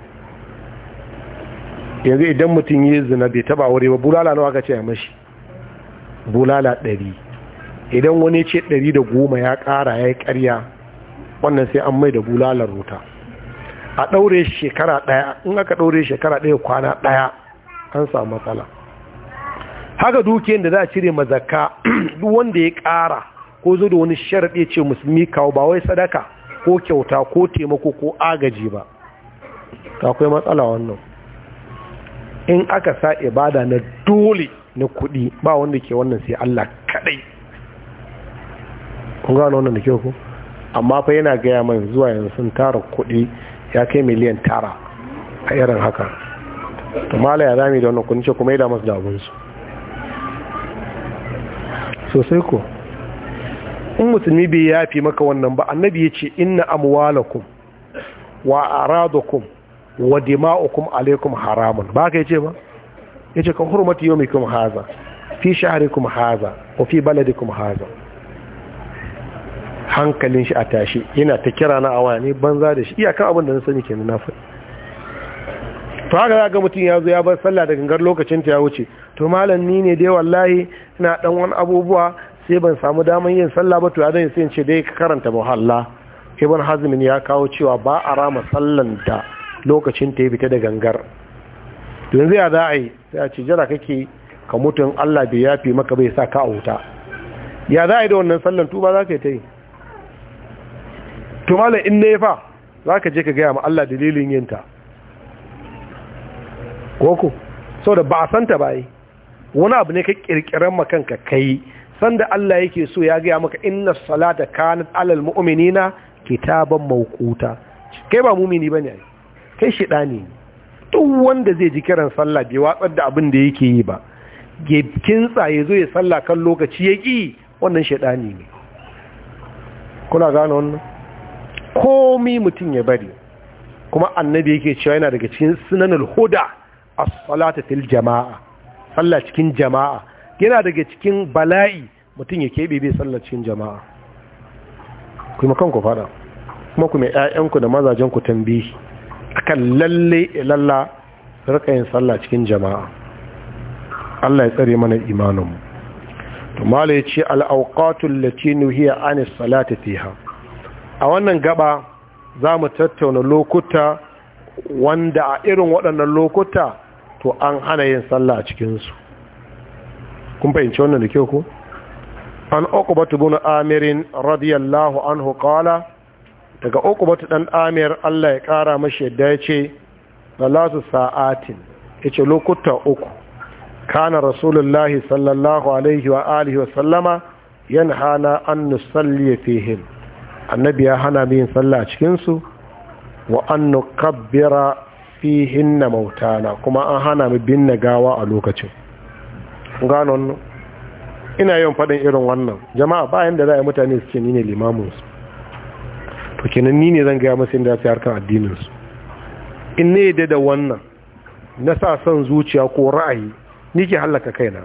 yanzu idan mutum yi zina bai taba aure ba bulala nawa ka ce a mashi bulala ɗari idan wani ce ɗari da goma ya ƙara ya yi ƙarya wannan sai an mai da bulalar ruta a ɗaure shekara ɗaya in aka ɗaure shekara ɗaya kwana ɗaya an samu matsala haka dukiyar da za a cire mazaka duk wanda ya ƙara ko zo da wani sharaɗe ce musulmi kawo ba wai sadaka ko kyauta ko taimako ko agaji ba akwai matsala wannan in aka sa ibada na dole na kuɗi ba wanda ke wannan sai Allah kaɗai kun gano wannan da kyau ku amma fa yana gaya man zuwa yanzu sun tara kuɗi ya kai miliyan tara a irin haka to mala ya zami da wannan ce kuma ya da masu dabunsu sosai ko in musulmi bai yafi maka wannan ba annabi ya ce inna amwalakum wa aradukum wa dima'ukum alaikum haramun ba ka ce ba Ya ce ka hurmati kuma haza fi kuma haza ko fi kuma haza hankalin shi a tashi yana ta kira na awa ne banza da shi iyakan abin da na sani kenan na faɗi to haka za ga mutum ya zo ya bar sallah da gangar lokacin ta ya wuce to malam ni ne dai wallahi na dan wani abubuwa sai ban samu daman yin sallah ba to ya zai sai ce dai ka karanta muhalla ibn hazmin ya kawo cewa ba a rama sallan da lokacin ta ya fita da gangar don zai ya za a yi sai a ce jira kake ka mutun Allah bai yafi maka bai sa ka a wuta ya za a yi da wannan sallan tuba za ka ta yi to malam in ne fa za ka je ka gaya ma Allah dalilin yinta koko sau da ba a santa ba yi wani abu ne ka kirkiran makanka kai sanda Allah yake so ya gaya maka inna salata kanat alal mu'minina kitaban mawquta kai ba mumini bane kai shidani ne duk wanda zai ji kiran sallah bai watsar da abin da yake yi ba ya kintsa ya zo ya sallah kan lokaci ya ƙi wannan shaɗani ne kuna gano wannan komi mutum ya bari kuma annabi yake cewa yana daga cikin sunanul huda a salata fil jama'a sallah cikin jama'a yana daga cikin bala'i mutum ya keɓe bai sallah cikin jama'a kuma kanku fada kuma kuma 'ya'yanku da mazajenku tambihi akan lalle lalla rika yin sallah cikin jama'a Allah ya tsare mana imanin mu to malai ce al-awqatul lati nuhiya as salati fiha a wannan gaba za mu tattauna lokuta wanda a irin waɗannan lokuta to an hana yin sallah a cikinsu kun fahimci wannan da kyau ko an uqbatu bin amirin radiyallahu anhu qala daga uku wata ɗan amiyar Allah ya kara mashi yadda ya ce lasu sa'atin ya ce lokuta uku kana rasulullahi sallallahu alaihi wa alihi wa sallama yan hana an nusalli fihim annabi ya hana min sallah a cikinsu wa an nukabbira fihin na mautana kuma an hana mu binne gawa a lokacin gano ina yawan faɗin irin wannan jama'a bayan da za a yi mutane su ce ni ne limaminsu to kenan ni ne zan gaya masu inda su harkar addininsu in ne yadda da wannan na sa son zuciya ko ra'ayi ni ke hallaka kaina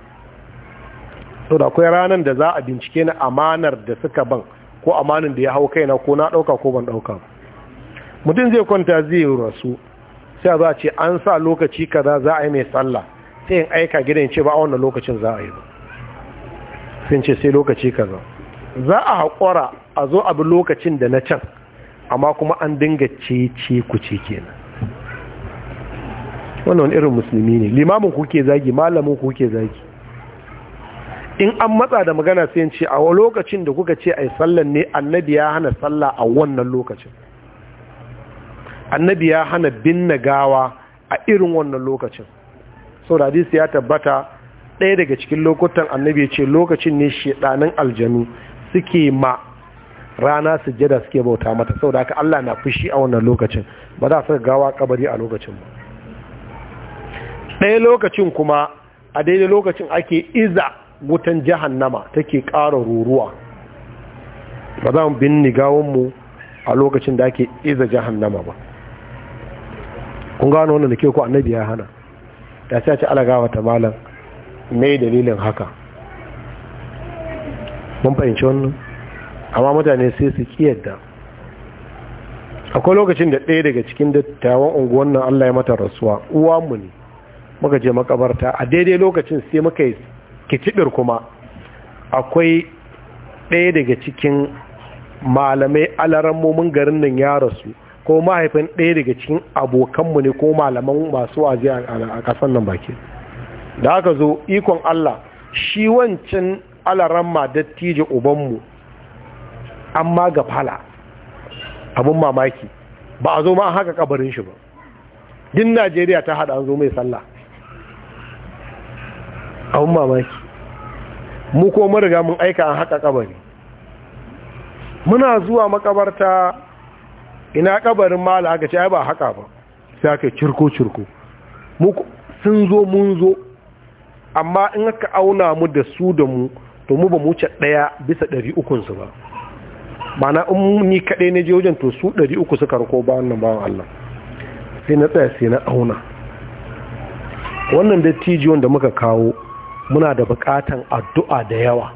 to da akwai ranar da za a bincike na amanar da suka ban ko amanin da ya hau kaina ko na ɗauka ko ban ɗauka mutum zai kwanta zai rasu sai za a ce an sa lokaci kaza za a yi mai sallah sai in aika gidan ce ba a wannan lokacin za a yi ba sun ce sai lokaci kaza za a haƙura a zo abin lokacin da na can amma kuma an dinga cece ku ce kenan wannan irin musulmi ne limamin kuke zagi malamin kuke zagi in an matsa da magana sai ce a lokacin da kuka ce ai sallan ne annabi ya hana sallah a wannan lokacin annabi ya hana binne gawa a irin wannan lokacin sau da ya tabbata ɗaya daga cikin lokutan annabi ce lokacin ne shedanin aljanu suke ma rana sujjada suke bauta mata saboda aka Allah na fushi a wannan lokacin ba za su gawa kabari a lokacin ba ɗaya lokacin kuma a daidai lokacin ake iza wutan jahannama take ƙara ruruwa ba za mu binni gawonmu a lokacin da ake iza jahannama ba kun gano wannan da ke ku annabi ya hana da sai ce alagawa ta malam mai dalilin haka mun fahimci wannan amma mutane sai su kiyarda akwai lokacin da ɗaya daga cikin dattawan unguwan nan Allah ya mata rasuwa uwa mu ne muka je makabarta a daidai lokacin sai muka yi kicibir kuma akwai ɗaya daga cikin malamai alarammomin garin nan ya rasu ko mahaifin ɗaya daga cikin abokanmu ne ko malaman masu wazi a ƙasan nan baki da aka zo ikon Allah shi wancan alaramma dattijin ubanmu amma fala abin mamaki ba a zo ma haka kabarin shi ba din najeriya ta hada an zo mai sallah abin mamaki mu ko mun mun aika an haka kabari muna zuwa makabarta ina kabarin mala aka ce ai ba haka ba sai aka cirko cirko mu sun zo mun zo amma in aka auna mu da su da mu to mu ba mu ce daya bisa 300 su ba mana in ni kaɗai na je wajen to su ɗari uku suka rako ba wannan bawan Allah sai na tsaya sai na auna wannan dattijo wanda muka kawo muna da buƙatan addu'a da yawa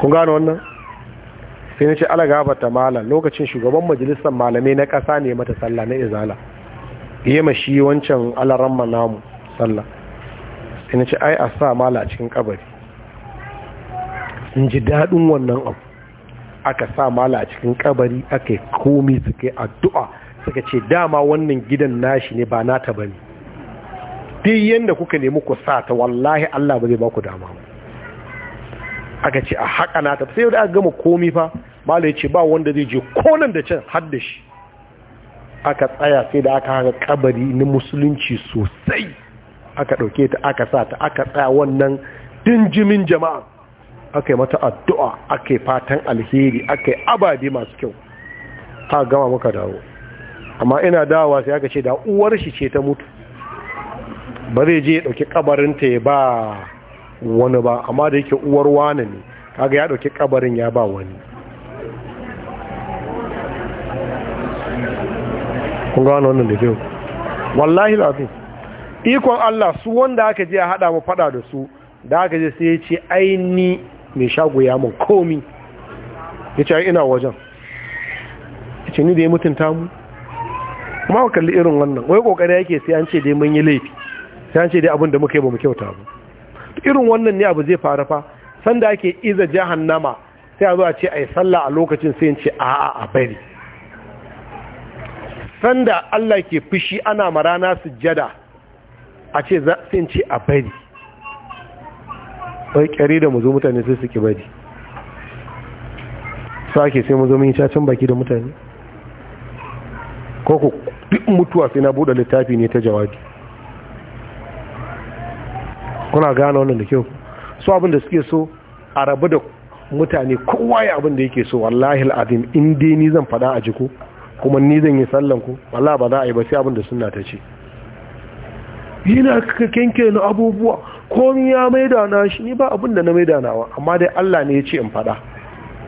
kun gano wannan sai na ce alagaba ta malam lokacin shugaban majalisar malamai na ƙasa ne mata sallah na izala iya ma shi wancan alaran namu sallah sai na ce ai a sa mala a cikin kabari in ji daɗin wannan abu aka sa mala a cikin kabari aka komi suke addu'a suka ce dama wannan gidan nashi ne ba na ta bane duk yanda kuka nemi ku sa ta wallahi Allah ba zai ba ku dama ba aka ce a haƙa ta, sai da aka gama komi fa mala ya ce ba wanda zai je konan da can har da shi aka tsaya sai da aka haka kabari na musulunci sosai aka ɗauke ta aka sa ta aka tsaya wannan dinjimin jama'a aka yi mata addu'a aka yi fatan alheri aka yi masu kyau ha gama muka dawo amma ina dawa sai aka ce da uwar shi ce ta mutu ba zai je ya ɗauki kabarinta ya ba wani ba amma da yake uwar wani ne kaga ya ɗauki kabarin ya ba wani kun gano wannan da kyau wallahi lafi ikon Allah su wanda aka je a haɗa mu faɗa da su da aka je sai ya ce aini mai shago ya mun komi ya ce ina wajen ya ce ni da ya mutunta mu kuma ka kalli irin wannan wai kokari yake sai an ce dai mun yi laifi sai an ce dai abin da muka yi ba mu kyauta ba irin wannan ne abu zai faru fa sanda ake iza jahannama sai a zo a ce ai sallah a lokacin sai in ce a'a a bari sanda Allah ke fushi ana marana sujjada a ce sai in ce a bari wai kyari da muzo mutane sai su ki bari sake sai muzo mun yi baki da mutane ko ku duk mutuwa sai na buɗe littafi ne ta jawabi kuna gane wannan da kyau su abin da suke so a rabu da mutane kowa ya abin da yake so wallahi al'adim in dai ni zan fada a jiko kuma ni zan yi sallan ku wallahi ba za a yi ba sai abin da ta ce yana kanke na abubuwa komi ya maida na shi ni ba abin da na maida nawa amma dai Allah ne ya ce in faɗa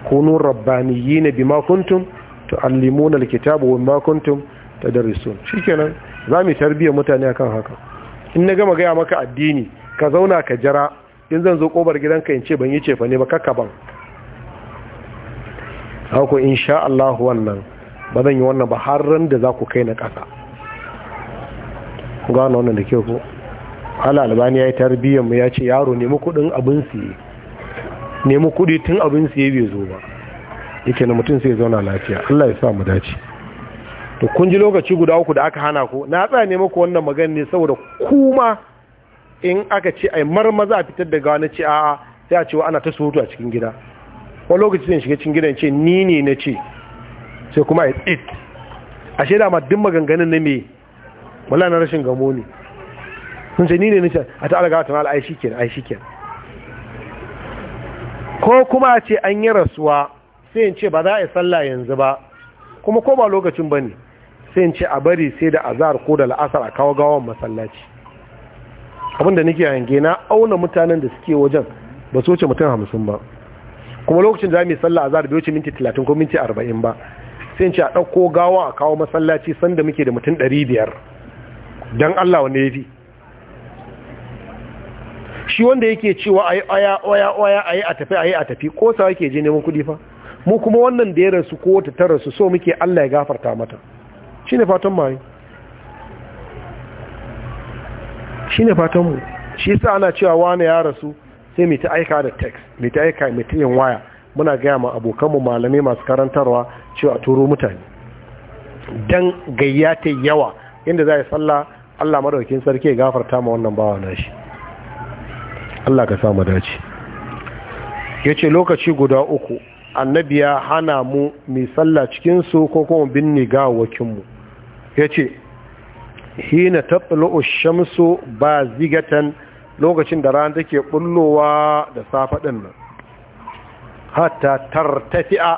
kunu rabbaniyina bima kuntum tu'allimuna alkitaba wama kuntum tadrisun shikenan zamu tarbiya mutane akan haka in na gama gaya maka addini ka zauna ka jira in zan zo kobar gidanka in ce ban yi cefa ne ba kakka ban haka insha Allah wannan ba zan yi wannan ba har ran da za ku kai na ƙasa gano wannan da ke ku hala albani ya yi tarbiyyar mu ya ce yaro nemi kudin abin siye nemi kudi tun abin siye bai zo ba yake na mutum sai zauna lafiya Allah ya sa mu dace to kun ji lokaci guda uku da aka hana ku na tsaya ne ku wannan magana ne saboda kuma in aka ce ai marmaza a fitar da gawa ce a'a sai a ce ana ta surutu a cikin gida wani lokaci zan shiga cikin gida ce ni ne na ce sai kuma a tsit a shaida ma duk maganganun na me wala na rashin gamo ne sun ce ni ne nishan a ta alaga watan al'ai shi kenan ai shi kenan ko kuma a ce an yi rasuwa sai ce ba za a yi sallah yanzu ba kuma ko ba lokacin ba ne sai ce a bari sai da azar ko da la'asar a kawo gawon masallaci abinda nake hange na auna mutanen da suke wajen ba su wuce mutum hamsin ba kuma lokacin da za mu yi sallah azar bai wuce minti talatin ko minti arba'in ba sai ce a ɗauko gawa a kawo masallaci sanda muke da mutum ɗari biyar don allah wanda ya fi shi wanda yake cewa ayi aya aya aya ayi a tafi ayi a tafi ko sa yake je neman kudi fa mu kuma wannan da ya rasu ko wata ta rasu so muke Allah ya gafarta mata shine fatan mai shine fatan mu shi yasa ana cewa wani ya rasu sai mu ta aika da text mu ta aika mu ta yin waya muna gaya ma mu malame masu karantarwa cewa turo mutane dan gayyata yawa inda za a yi sallah Allah madaukakin sarki ya gafarta ma wannan bawa nashi Allah ka samu dace ya ce lokaci guda uku annabi ya hana mu mai tsalla cikinsu ko kuma binne gawakinmu ya ce hina tattalo shamsu ba zigatan lokacin da rana take bullowa da safa nan hatta tartafi'a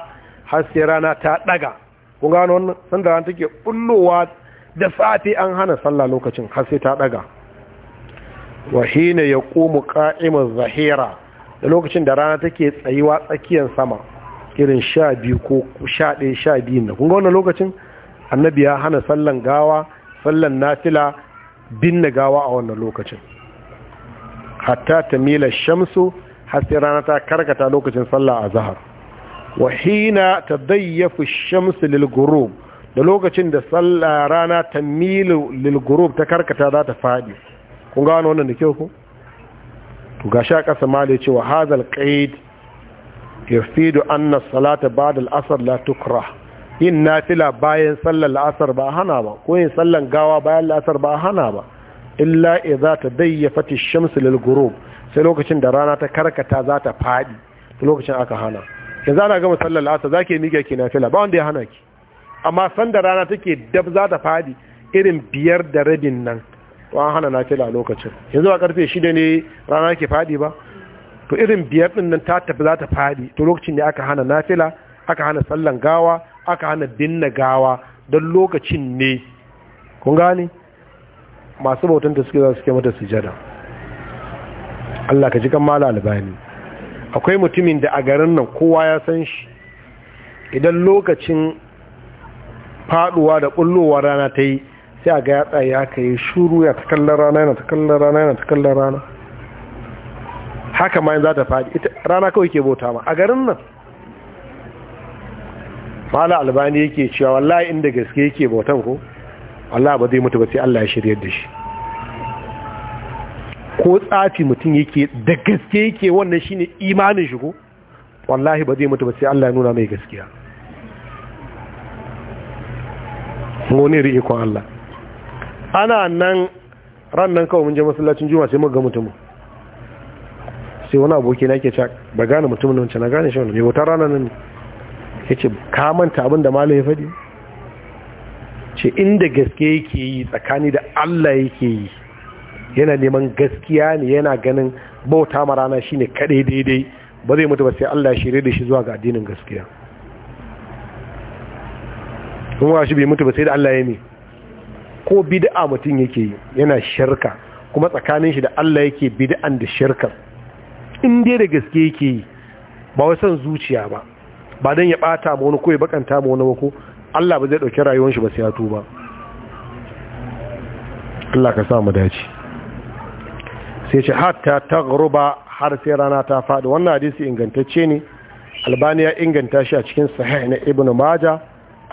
har rana ta ɗaga kun gano wannan sanda rana take bullowa da safe an hana sallah lokacin har ta ɗaga wa hina ya ƙumu ƙa'imin zahira da lokacin da rana take tsayuwa tsakiyar sama irin sha biyu ko sha ɗaya sha biyu na kunga wannan lokacin annabi ya hana sallan gawa sallan nafila binne gawa a wannan lokacin hatta ta mila shamsu har sai rana ta karkata lokacin sallah a zahar wa hina ta fi shamsu lil da lokacin da sallah rana ta milu lil ta karkata za ta faɗi kun gano wannan da kyau ku to ga sha kasa ma da cewa hazal qaid yafidu anna salata ba'da al-asr la tukra yin nafila bayan sallar la'asar ba hana ba ko yin sallan gawa bayan la'asar ba hana ba illa idza tadayyafat ash-shamsu lil ghurub sai lokacin da rana ta karkata za ta fadi lokacin aka hana yanzu ana gama sallar la'asar zake miƙe ki nafila ba wanda ya hana ki amma sanda rana take dab za ta fadi irin biyar da rabin nan to an hana nafila a lokacin yanzu a karfe shida ne rana ke fadi ba to irin biyar din nan ta tafi za ta fadi to lokacin ne aka hana nafila aka hana sallan gawa aka hana binne gawa don lokacin ne kun gani masu bautan da suke za su ke mata sujada Allah ka ji kan mala albani akwai mutumin da a garin nan kowa ya san shi idan lokacin faduwa da bullowa rana ta yi sai a ga ya tsaye haka yi shuru ya ta kallon rana yana ta kallon rana yana ta kallon rana haka ma yin za ta faɗi rana kawai ke bauta ma a garin nan mala albani yake cewa wallahi inda gaske yake bautan ko wallahi ba zai mutu ba sai Allah ya shiryar da shi ko tsafi mutum yake da gaske yake wannan shine imanin shi ko wallahi ba zai mutu ba sai Allah ya nuna mai gaskiya mu ne riƙon Allah ana nan ran nan kawai mun je masallacin juma'a sai muka mutumin sai wani aboki na yake cewa ba gane mutumin nan na gane shi wannan wata rana nan yace ka manta abin da malai ya faɗi ce inda gaske yake yi tsakani da Allah yake yi yana neman gaskiya ne yana ganin bauta ma rana shine kadai daidai ba zai mutu ba sai Allah ya shirye da shi zuwa ga addinin gaskiya kuma shi bai mutu ba sai da Allah ya ne ko bid'a mutum yake yi yana shirka kuma tsakanin shi da Allah yake bid'an da shirkar in dai da gaske yake yi ba wai son zuciya ba ba dan ya bata ma wani ko ya bakanta ma wani ba ko Allah ba zai dauki rayuwar shi ba sai ya tuba Allah ka sa mu dace sai ce hatta taghruba har sai rana ta faɗi wannan hadisi ingantacce ne albani ya inganta shi a cikin sahih na Ibn maja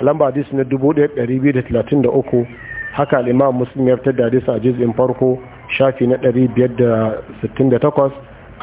a lamba hadisi na 1233 haka al-imam muslim ya fitar da hadisi a juz'in farko shafi na 568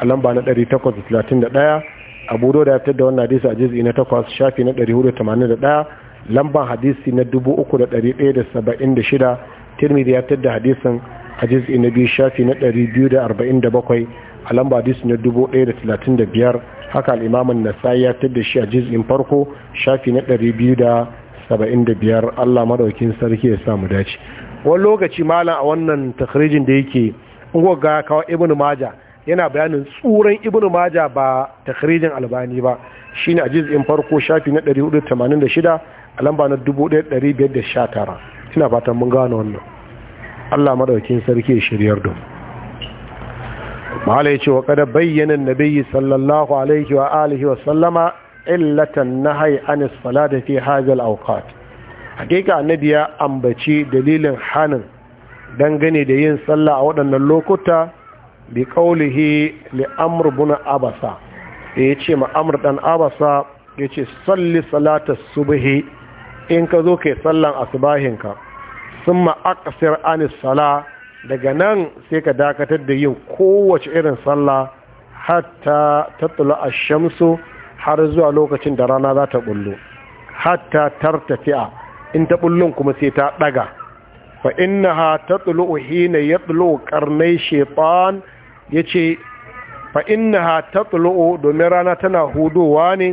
a lamba na 831 abu da ya fitar da wannan hadisi a juz'i na 8 shafi na 481 lamban hadisi na 3176 tirmidhi ya fitar da hadisin a juz'i na biyu shafi na 247 a lamba hadisi na 1135 haka al nasa ya fitar da shi a juz'in farko shafi na 200 saba'in da biyar allah maɗaukin sarki ya samu dace wani lokaci malam a wannan takhrijin da yake ga kawai ibn maja yana bayanin tsuran ibn maja ba takhrijin albani ba shine a in farko shafi na 486 a lamba na 1519 ina fatan mun gano wannan allah maɗaukin sarki shiryar da mahala ya ce wa kada bayyana nabi sallallahu alaihi wa alihi wa sallama illatan nahai an as-salati fi hadhihi aukat hakika annabi ya ambaci dalilin hanin dangane da yin sallah a waɗannan lokuta bi kaulihi li amr abasa da yace ma amr dan abasa yace salli salata subhi in ka zo kai sallan asubahinka summa aqsir anis sala daga nan sai ka dakatar da yin kowace irin sallah hatta tattula a shamsu har zuwa lokacin da rana za ta bullo hatta tartafi'a in ta bullon kuma sai ta daga fa innaha tatlu'u hina yatlu qarnai shaytan yace fa innaha tatlu'u domin rana tana hudowa ne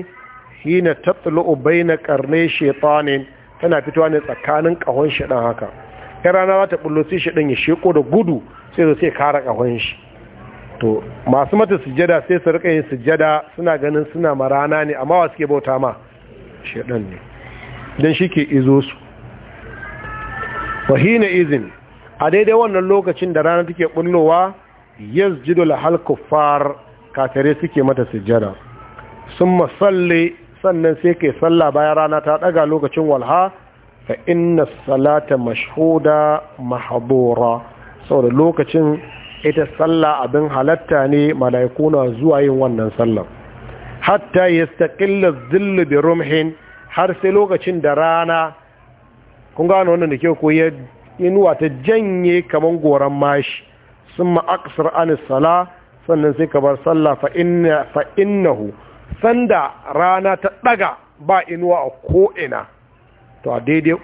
hina tatlu'u baina qarnai shaytanin tana fitowa ne tsakanin kahon shi dan haka kai rana za ta bullo sai shi dan ya sheko da gudu sai zo sai kara kahon shi to masu mata sujjada sai su rika yin sujjada suna ganin suna marana ne amma wasu ke bauta ma shaɗan ne don shi ke izo su wahina izin a daidai wannan lokacin da rana take jido la halko kuffar katare suke mata sujjada sun masalli sannan sai kai salla bayan rana ta ɗaga lokacin walha fa inna salata mashhuda mahdura saboda lokacin ita sallah abin halatta ne mala'iku na zuwa yin wannan sallah hatta yastaqilla dhillu bi rumhin har sai lokacin da rana kun gano wannan da ke ko ya inuwa ta janye kaman goran mashi summa aqsar an sala sannan sai ka bar sallah fa innahu sanda rana ta daga ba inuwa a ko ina to a daidai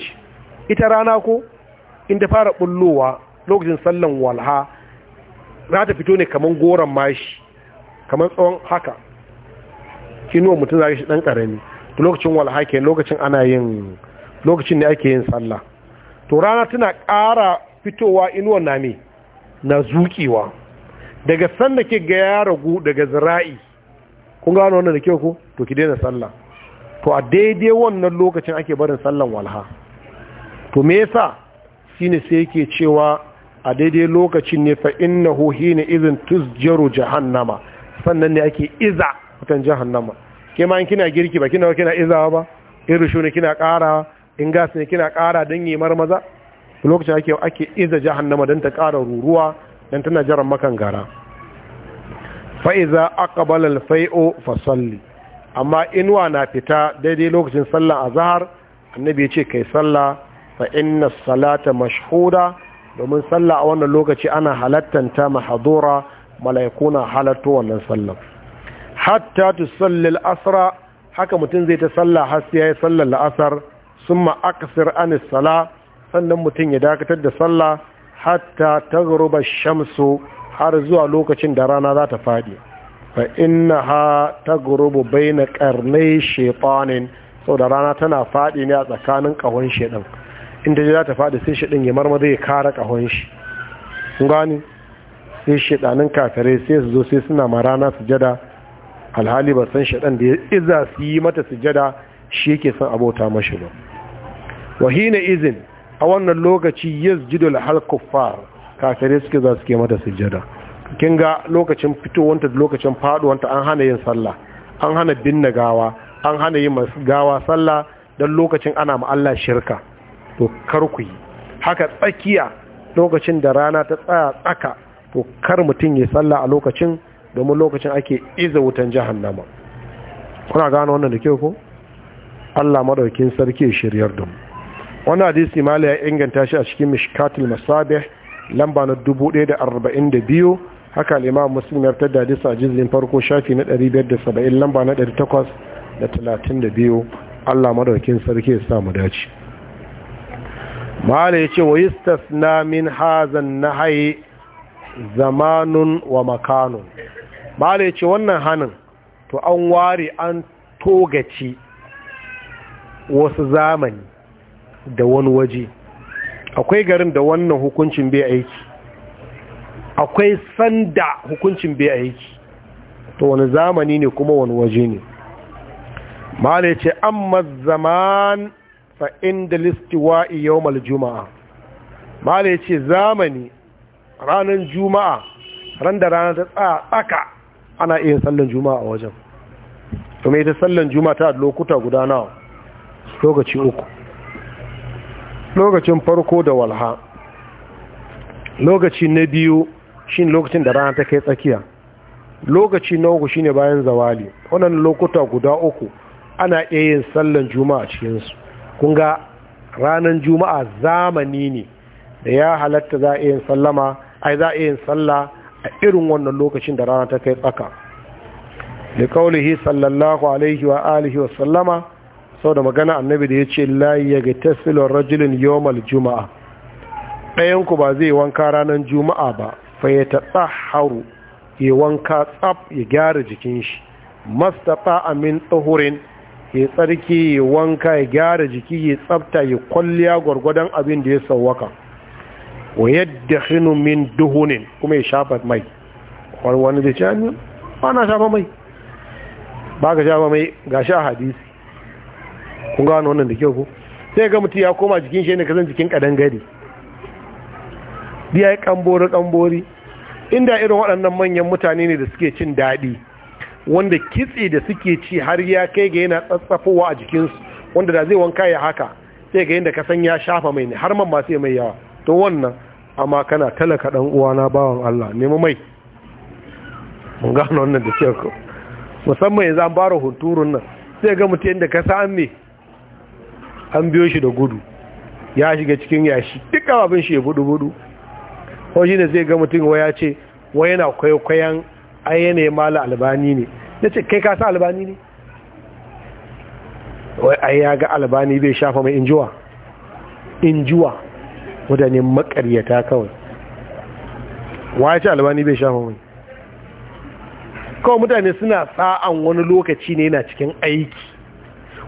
ji ita rana ko in ta fara bullowa lokacin sallan walha za ta fito ne kamar goron mashi kamar tsawon haka kinuwa mutum za shi dan karami to lokacin walha ke lokacin ana yin lokacin ne ake yin sallah to rana tana ƙara fitowa inuwa na me na zuƙiwa daga sanda ke ga ya ragu daga zira'i kun gano wannan da kyau ko to ki daina sallah to a daidai wannan lokacin ake barin sallan walha to me yasa shine sai yake cewa a daidai lokacin ne fa hu hina idhin jaru jahannama sannan ne ake iza wutan jahannama ke ma kina girki ba kina kina izawa ba in rushu ne kina ƙara in gas ne kina ƙara don yi marmaza lokacin ake ake iza jahannama don ta ƙara ruruwa don tana jaran makan gara fa'iza aqbala al-fai'u fa salli amma inuwa na fita daidai lokacin sallar azhar annabi ya ce kai sallah fa inna salata mashhuda domin sallah a wannan lokaci ana halattanta mahadura malaikuna halatto wannan sallah hatta tusalli al-asra haka mutum zai ta sallah har sai yayi sallar al-asr summa aqsir anis sala sannan mutum ya dakatar da sallah hatta taghruba ash-shamsu har zuwa lokacin da rana za ta fadi fa innaha taghrubu bayna qarnay shaytanin saboda rana tana fadi ne a tsakanin kahon shaytan inda za ta faɗi sai shiɗin ya marmar ya kara ƙahon shi gani sai shiɗanin kafirai sai su zo sai suna ma rana sujada alhali ba san shaɗan da ya iza su yi mata sujada shi yake son abota mashi ba wahina izin a wannan lokaci yasjidul halkuffar kafirai suke za su ke mata sujada kin ga lokacin fitowanta da lokacin faduwanta an hana yin sallah an hana binne gawa an hana yin gawa sallah don lokacin ana ma Allah shirka to kar ku yi haka tsakiya lokacin da rana ta tsaya tsaka to kar mutum ya sallah a lokacin domin lokacin ake iza wutan jahannama kuna gano wannan da kyau ko Allah madaukin sarki shiryar da mu wannan hadisi mali ya inganta shi a cikin mishkatul masabih lamba na 1042 haka al-imam muslim ya fitar hadisi a jizgin farko shafi na 570 lamba na 832 Allah madaukin sarki ya sa mu dace mala ya ce wa yi stasna min hazan na haye zamanun wa makanun mala ya ce wannan hannun to an ware an togaci wasu zamani da wani waje akwai garin da wannan hukuncin bai aiki akwai sanda hukuncin bai aiki to wani zamani ne kuma wani waje ne mala ya ce amma zaman fa inda listiwa'i yawmal juma'a mala ya ce zamani ranar juma'a ran da rana ta tsaka ana iya sallan juma'a a wajen kuma ta sallan juma'a ta lokuta guda nawa lokaci uku lokacin farko da walha lokaci na biyu shi lokacin da rana ta kai tsakiya lokaci na uku shine bayan zawali wannan lokuta guda uku ana iya yin sallan juma'a cikinsu Kunga ga ranar juma'a zamani ne da ya halatta za a yin sallama ai za a yin sallah a irin wannan lokacin da rana ta kai tsaka da kaulihi sallallahu alaihi wa alihi wa sallama sau da magana annabi da ya ce layi ya ga tasirin rajulin yomal juma'a ɗayanku ba zai wanka ranar juma'a ba fa ta tsaharu ya wanka tsaf ya gyara jikin shi mastafa amin tsohurin ya tsarki ya wanka ya gyara jiki ya tsabta, ya kwalliya gwargwadon abin da ya sauwaka wa yadda hinu min duhunin kuma ya shafa mai wani da ce hannu ana shafa mai ba ka shafa mai ga sha hadisi kun gano wannan da kyau ku sai ga mutu ya koma jikin shi ne kasan jikin kadan gari biya ya kambori kambori inda irin waɗannan manyan mutane ne da suke cin daɗi wanda kitse da suke ci har ya kai ga yana tsatsafowa a jikinsu wanda da zai wanka ya haka sai ga yadda ka san ya shafa mai ne har man sai mai yawa to wannan amma kana talaka dan uwana bawan Allah nemi mai mun gano wannan da cewa ko musamman yanzu an bara hunturun nan sai ga mutum yadda ka san me an biyo shi da gudu ya shiga cikin yashi duk abin shi ya budu budu ko ne zai ga mutum waya ce wai na kwaikwayon ai yanayin mala albani ne na ce kai kasa albani ne wai ai ya ga albani bai shafa mai injuwa injuwa wadane makaryata kawai wa ya ce albani bai shafa mai kawai mutane suna sa'an wani lokaci ne yana cikin aiki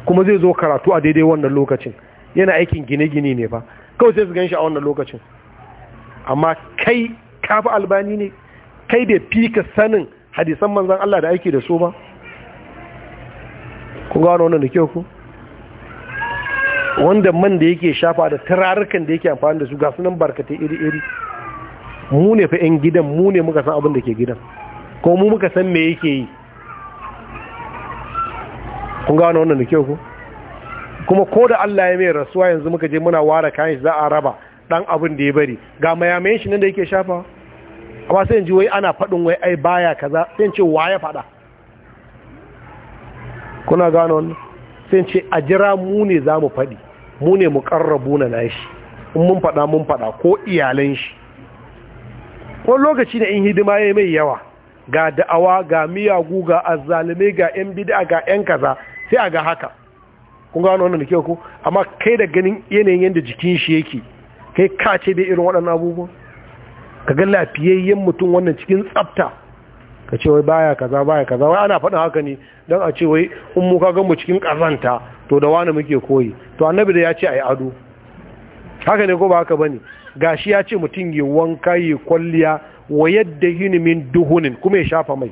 kuma zai zo karatu a daidai wannan lokacin yana aikin gine-gine ne ba kawai sai su gan shi a wannan lokacin amma kai kafa albani ne kai bai fi ka sanin hadisan manzan Allah da aiki da su ba kun gano wannan da kyau ku wanda man da yake shafa da turarukan da yake amfani da su ga sunan barkatai iri-iri mu ne fa 'yan gidan mu ne muka san abin da ke gidan ko mu muka san me yake yi kun gano wannan da kyau ku kuma ko da Allah ya mai rasuwa yanzu muka je muna ware kayan shi za a raba dan abin da ya bari ga mayamayin shi nan da yake shafa amma sai ji wai ana faɗin wai ai baya kaza sai ce wa ya faɗa kuna gano wannan sai ce a jira mu ne za mu faɗi mu ne mu ƙarrabu na nashi in mun faɗa mun faɗa ko iyalan shi wani lokaci ne in hidima ya mai yawa ga da'awa ga miyagu ga azzalume ga 'yan bida ga 'yan kaza sai a ga haka kun gano wannan da kyau ku amma kai da ganin yanayin yadda jikin shi yake kai kace bai irin waɗannan abubuwan ka ga lafiyayyen mutum wannan cikin tsafta ka ce wai baya kaza baya kaza wai ana faɗin haka ne don a ce wai in mu kaga mu cikin ƙazanta to da wani muke koyi to annabi da ya ce a yi ado haka ne ko ba haka bane gashi ya ce mutum yi wanka yi kwalliya wa yadda yini min duhunin kuma ya shafa mai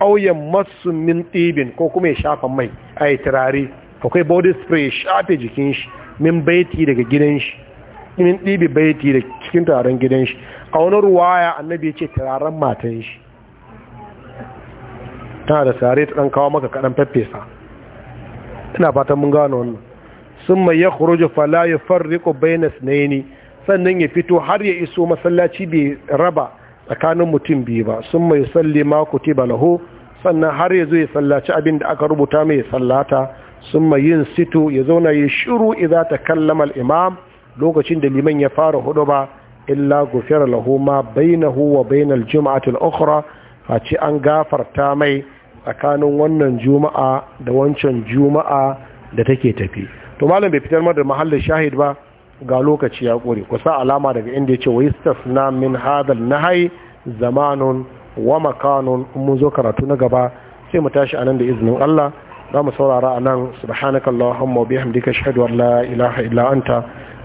auyen masu min ɗibin ko kuma ya shafa mai a yi turare akwai body spray ya shafe jikin shi min baiti daga gidan shi min ɗibi baiti da cikin taron gidan shi a wani ruwaya annabi ya ce turaren matan shi tana da sare ta ɗan kawo maka kaɗan faffesa ina fatan mun gano wannan sun mai ya kuroji fala ya farriko bayanas na yini sannan ya fito har ya iso masallaci bai raba tsakanin mutum biyu ba sun mai salli mako kuti balaho sannan har ya zo ya sallaci abin da aka rubuta mai sallata sun mai yin sito ya zauna ya shiru idan ta kallama imam. lokacin da liman ya fara hudu ba illa gufira lahu ma bainahu wa bainal jum'atil ukhra ci an gafarta mai tsakanin wannan juma'a da wancan juma'a da take tafi to malam bai fitar da mahalli shahid ba ga lokaci ya kore ku sa alama daga inda yace wa istasna min hadal nahai zamanun wa makanun mun zo karatu na gaba sai mu tashi anan da iznin Allah za mu saurara anan subhanakallahumma wa bihamdika ashhadu an la ilaha illa anta